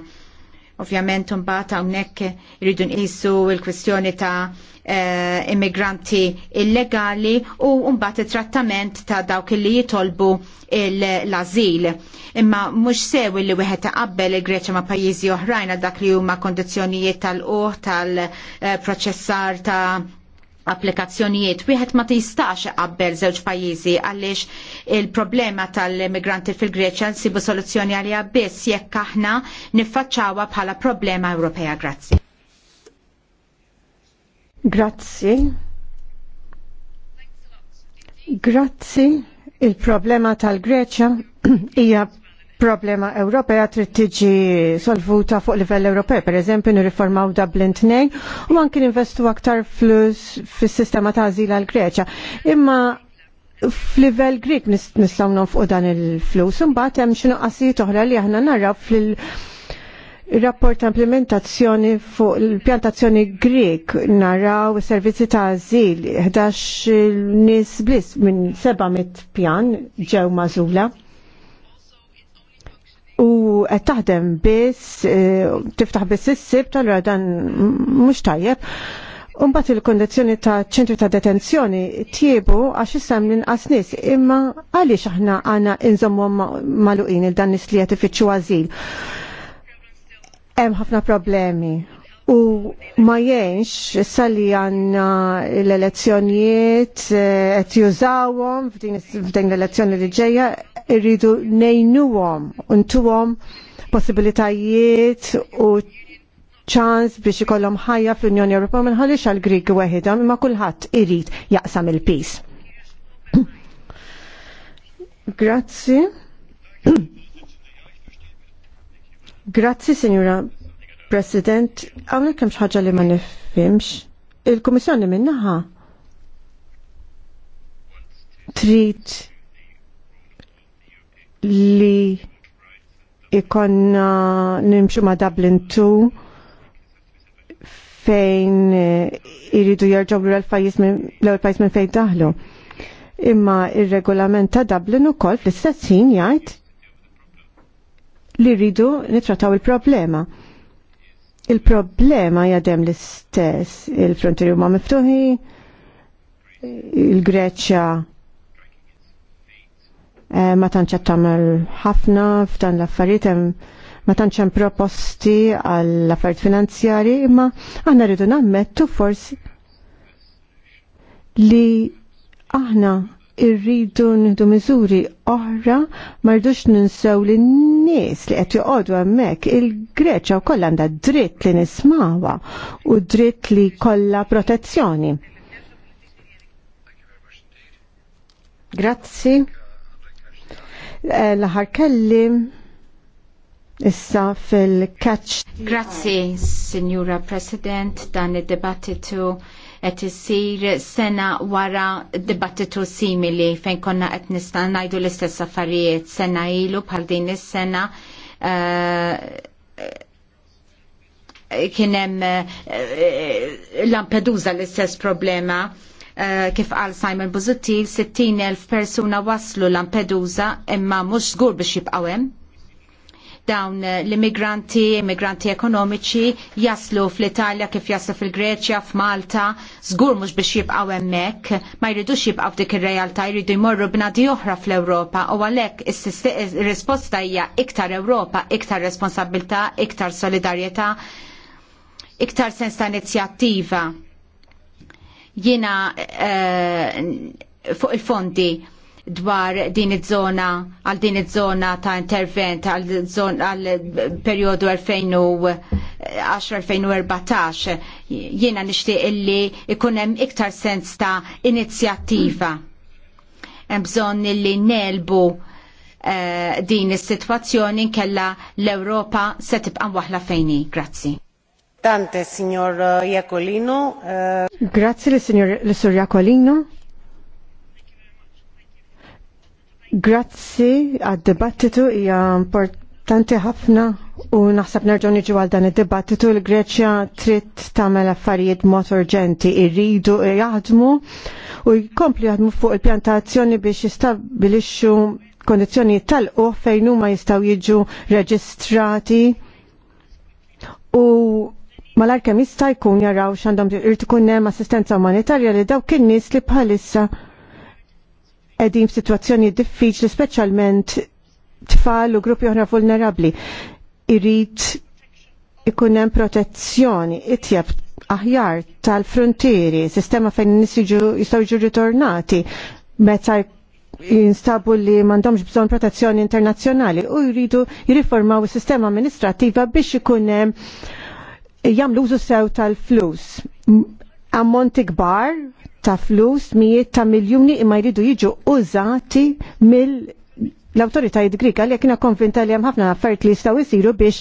ovvjament mbagħad hawnhekk iridu nqisu l-kwistjoni ta' Eh, immigranti illegali u mbagħad it-trattament ta' dawk li jitolbu l-azil. Imma mhux sewi li wieħed taqabbel il-Greċja ma' pajjiżi oħrajn għal dak li huma kondizzjonijiet tal-qoħ tal-proċessar ta' applikazzjonijiet wieħed ma tistax qabbel żewġ pajjiżi għaliex il-problema tal-immigranti fil-Greċja nsibu soluzzjoni għalija biss jekk aħna niffaċċawha bħala problema Ewropea. Grazzi. Grazzi. Grazzi. Il-problema tal-Greċja hija problema Ewropea trid tiġi solvuta fuq livell Ewropej, pereżempju nirriformaw Dublin 2 u anki investu aktar flus fis-sistema ta' azil għal Greċja. Imma f'livell Grik nistgħu nonfqu dan il-flus, imbagħad hemm xi noqqasijiet oħra li aħna naraw fil- rapport ta' implementazzjoni fuq il-pjantazzjoni Grek naraw servizzi ta' azil 11 nis bliss minn 700 pjan ġew mażula u qed taħdem biss e, tiftaħ biss is-sib tal dan mhux tajjeb. Umbat il-kondizjoni ta' ċentri ta' detenzjoni tiebu għax issam ninqas nis imma għaliex aħna għana inżommu maluqin il-dan nis li għatifiċu għazil hemm ħafna problemi u ma jenx sali għanna l-elezzjonijiet eh, qed jużawhom f'din l-elezzjoni li ġejja irridu nejnuhom untuhom possibilitajiet u ċans biex ikollhom ħajja fl-Unjoni Ewropea ma nħallix għal Grieg weħidhom imma kulħadd irid jaqsam il-peace. Grazzi. Grazzi, Signora President. Għawnek kem xaġa li ma nifimx. Il-Komissjoni minnaħa trid li ikonna nimxu ma Dublin 2 fejn eh, iridu jarġaw l-pajis minn fejn daħlu. Imma il-regolament ta' Dublin u kol fl-istessin jgħid li rridu nitrataw il-problema. Il-problema jadem l-istess, il-frontieri huma miftuħi, il-Greċja eh, ma tantx tagħmel ħafna f'dan l-affarijiet hemm ma tantx hemm proposti għall affarijiet finanzjari, imma aħna rridu nammettu forsi li aħna irridu nħdu miżuri oħra mardux ninsew li n-nies li qed joqogħdu hemmhekk il u wkoll għandha dritt li nismawa u dritt li kollha protezzjoni. Grazzi. Laħar kelli issa fil-catch. Grazzi, Signora President, dan id-debattitu qed isir sena wara dibattitu simili fejn konna qed nista' ngħidu l-istess affarijiet sena ilu bħal din is-sena eh, kien kienem eh, Lampedusa l-istess problema eh, kif għal Simon Buzutil 60.000 persuna waslu Lampedusa imma mux zgur biex jibqawem dawn l-immigranti, immigranti ekonomiċi jaslu fl-Italja kif jaslu fil-Greċja, f'Malta, żgur mhux biex jibqgħu hemmhekk, ma jridux jibqgħu f'dik ir-realtà, jridu jmorru b'nadi oħra fl-Ewropa u għalhekk ir-risposta hija iktar Ewropa, iktar responsabilità, iktar solidarjetà, iktar sens ta' inizjattiva. Jiena uh, fuq il-fondi dwar din iż-żona għal din iż-żona ta' intervent għal perjodu 2010-2014 jiena nixtieq illi ikun hemm iktar sens ta' inizjattiva. Hemm bżonn illi nelbu eh, din is-sitwazzjoni nkella l-Ewropa se tibqa' waħla fejni. Grazzi. Tante, signor Jacolino. Grazzi eh. Grazie, signor Jacolino. Grazzi għad-dibattitu hija importanti ħafna u naħseb nerġgħu niġu għal dan id-dibattitu il greċja trid tagħmel affarijiet mod urġenti irridu jaħdmu u jkomplu jaħdmu fuq il-pjantazzjoni biex jistabilixxu kondizzjonijiet tal-qoħ fejn huma jistgħu jiġu reġistrati u malar kemm jista' jkun jaraw x'għandhom irid ikun hemm assistenza umanitarja li dawk in-nies li bħalissa qegħdin f'sitwazzjoni diffiċli speċjalment tfal u gruppi oħra vulnerabbli. irrit ikun hemm protezzjoni itjeb aħjar tal-frontieri, sistema fejn nis jistgħu jiġu ritornati meta jinstabu li mandomx bżon protezzjoni internazzjonali u jridu jirriformaw is-sistema amministrativa biex ikun jagħmlu użu sew tal-flus. Ammonti kbar ta' flus, mijiet ta' miljoni imma jridu jiġu użati mill l-autoritajiet Grika li kiena konvinta li hemm ħafna affarijiet li jistgħu jsiru biex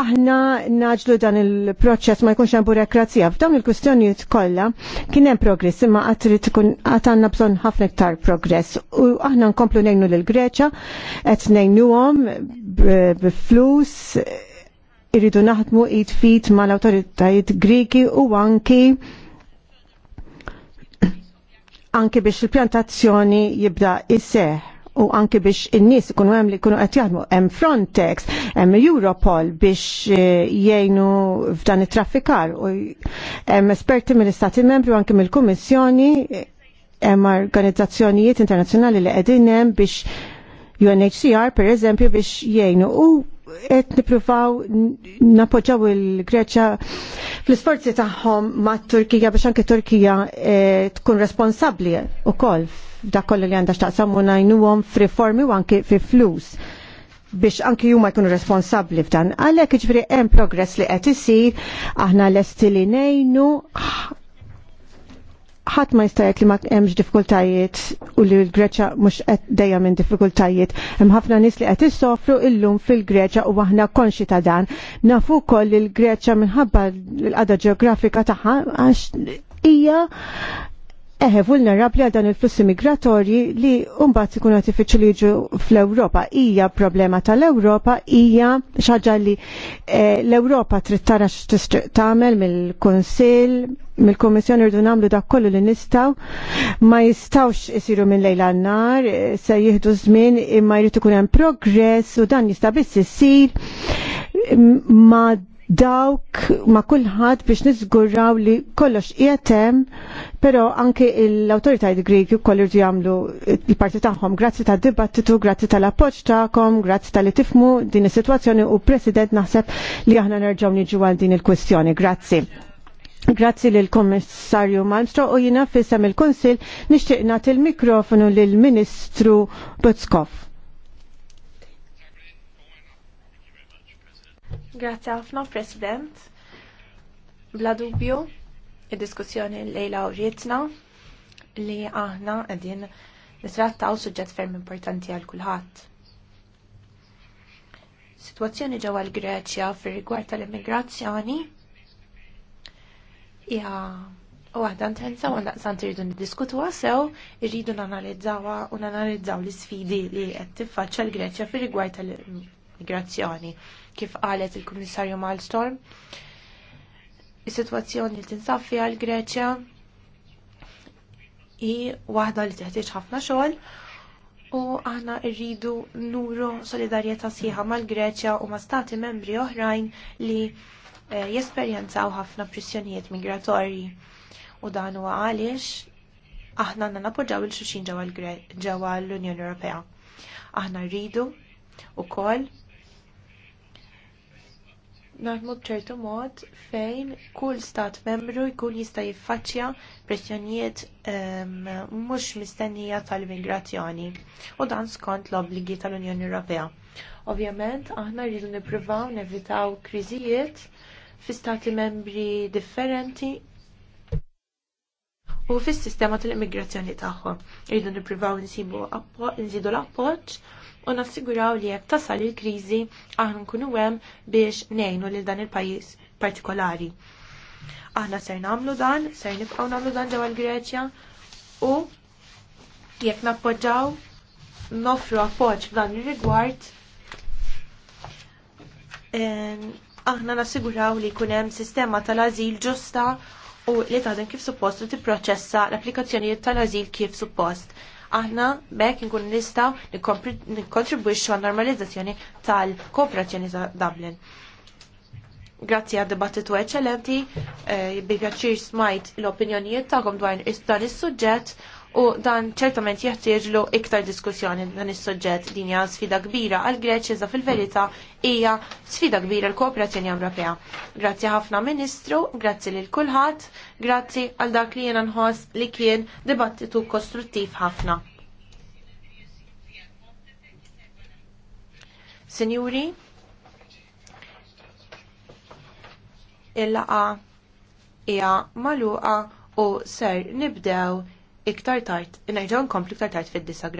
aħna naġlu dan il-proċess ma jkunx hemm burokrazija. F'dawn il-kwistjonijiet kollha kien hemm progress imma qatt trid tkun qatt għandna bżonn ħafna iktar progress. U aħna nkomplu ngħinu lil Greċa qed ngħinuhom b'flus irridu naħdmu id fit mal-autoritajiet Griki u anki anke biex il-pjantazzjoni jibda jiseħ u anke biex in-nies ikunu hemm li jkunu qed jaħdmu hemm Frontex, hemm Europol biex eh, jgħinu f'dan it-traffikar u hemm esperti mill-Istati Membri u anke mill-Kummissjoni hemm organizzazzjonijiet internazzjonali li qegħdin hemm biex UNHCR per eżempju biex jgħinu u qed nippruvaw napoġaw il greċa fl-isforzi tagħhom mat Turkija biex anke Turkija eh, tkun responsabbli kol da kollu li għandha x'taqsam u ngħinuhom f'riformi u anke fi flus biex anki juma jkunu responsabli f'dan. Għalek ġifri hemm progress li qed isir, aħna lesti li ngħinu ħadd ma jistajet li ma hemmx diffikultajiet u li l-Greċja mhux qed dejja minn diffikultajiet. Hemm ħafna nies li qed issofru illum fil-Greċja u aħna konxi ta' dan. Nafu wkoll li l-Greċja minħabba l-qada ġeografika tagħha għax hija eħe vulnerabli għal dan il-flussi migratorji li umbat ikunu għatifiċu li ġu fl-Europa. Ija problema tal-Europa, ija xaġa li eh, l-Europa trittara x-tamel mill-Konsil, mill-Komissjoni rridu namlu dak kollu li nistaw, ma jistawx isiru minn lejla nar, se jihdu żmien imma jrid ikun hemm progress u dan jista' biss sir ma' dawk ma kulħadd biex niżguraw li kollox jietem, però anke l-autoritajt Greki wkoll irdu jagħmlu l-parti tagħhom. Grazzi tad-dibattitu, grazzi tal-appoġġ tagħkom, grazzi tal-li tifmu din is-sitwazzjoni u President naħseb li aħna nerġgħu niġu għal din il-kwestjoni. Grazzi. Grazzi lil kommissarju Malmstro u jina fissam il-Konsil nixtieq nagħti mikrofonu lil Ministru Butzkov. Grazie ħafna, President. Bla dubju, id-diskussjoni lejla u rietna li aħna għedin nitrattaw suġġett ferm importanti għal kulħadd. Situazzjoni ġewwa l-Greċja fir-rigward tal-immigrazzjoni hija waħda intensa u għandaqsan irridu niddiskutuha sew irridu nanalizzawha u nanalizzaw l-isfidi li qed tiffaċċa l-Greċja fir-rigward tal-immigrazzjoni kif qalet il-Kummissarju Malstorm. Is-sitwazzjoni li tinsab fiha l-Greċja hi waħda li teħtieġ ħafna xogħol u aħna rridu nuru solidarjetà sieħa mal-Greċja u ma' stati membri oħrajn li eh, jesperjenzaw ħafna pressjonijiet migratorji. U dan huwa għaliex aħna għandna nappoġġaw il-xuxin ġewwa l-Unjoni Ewropea. Aħna rridu wkoll naħdmu bċertu mod fejn kull stat membru jkun jista' jiffaċċja pressjonijiet ehm, mhux mistennija tal-immigrazzjoni u dan skont l-obbligi tal-Unjoni Ewropea. Ovvjament aħna rridu nippruvaw nevitaw kriżijiet fi stati membri differenti u fis-sistema tal-immigrazzjoni tagħhom. Rridu nippruvaw nsibu nżidu l-appoġġ u nassiguraw li jekk tasal il-kriżi aħna nkunu hemm biex ngħinu lil dan il-pajjiż partikolari. Aħna ser nagħmlu dan, ser nibqgħu nagħmlu dan ġewwa l-Greċja u jekk nappoġġaw nofru appoġġ f'dan ir-rigward aħna nassiguraw li jkun hemm sistema tal ażil ġusta u li taħdem kif suppost u tipproċessa l-applikazzjonijiet tal ażil kif suppost aħna bekk nkun nistaw nikkontribwixxu għan normalizzazzjoni tal-kooperazzjoni ta' Dublin. Grazzi għad dibattitu eċċellenti, eh, bi pjaċir smajt l-opinjonijiet tagħkom dwar dan is-suġġett u dan ċertament jeħtieġlu iktar diskussjoni dan is-suġġett din hija sfida kbira għal Greċja iżda fil-verità hija sfida kbira l kooperazzjoni Ewropea. Grazzi ħafna Ministru, grazzi lil kulħadd, grazzi għal dak li jiena nħoss li kien dibattitu kostruttiv ħafna. Sinjuri, il-laqa hija maluqa u ser nibdew iktar tard, ngħidu nkomplu iktar tard fid-disa,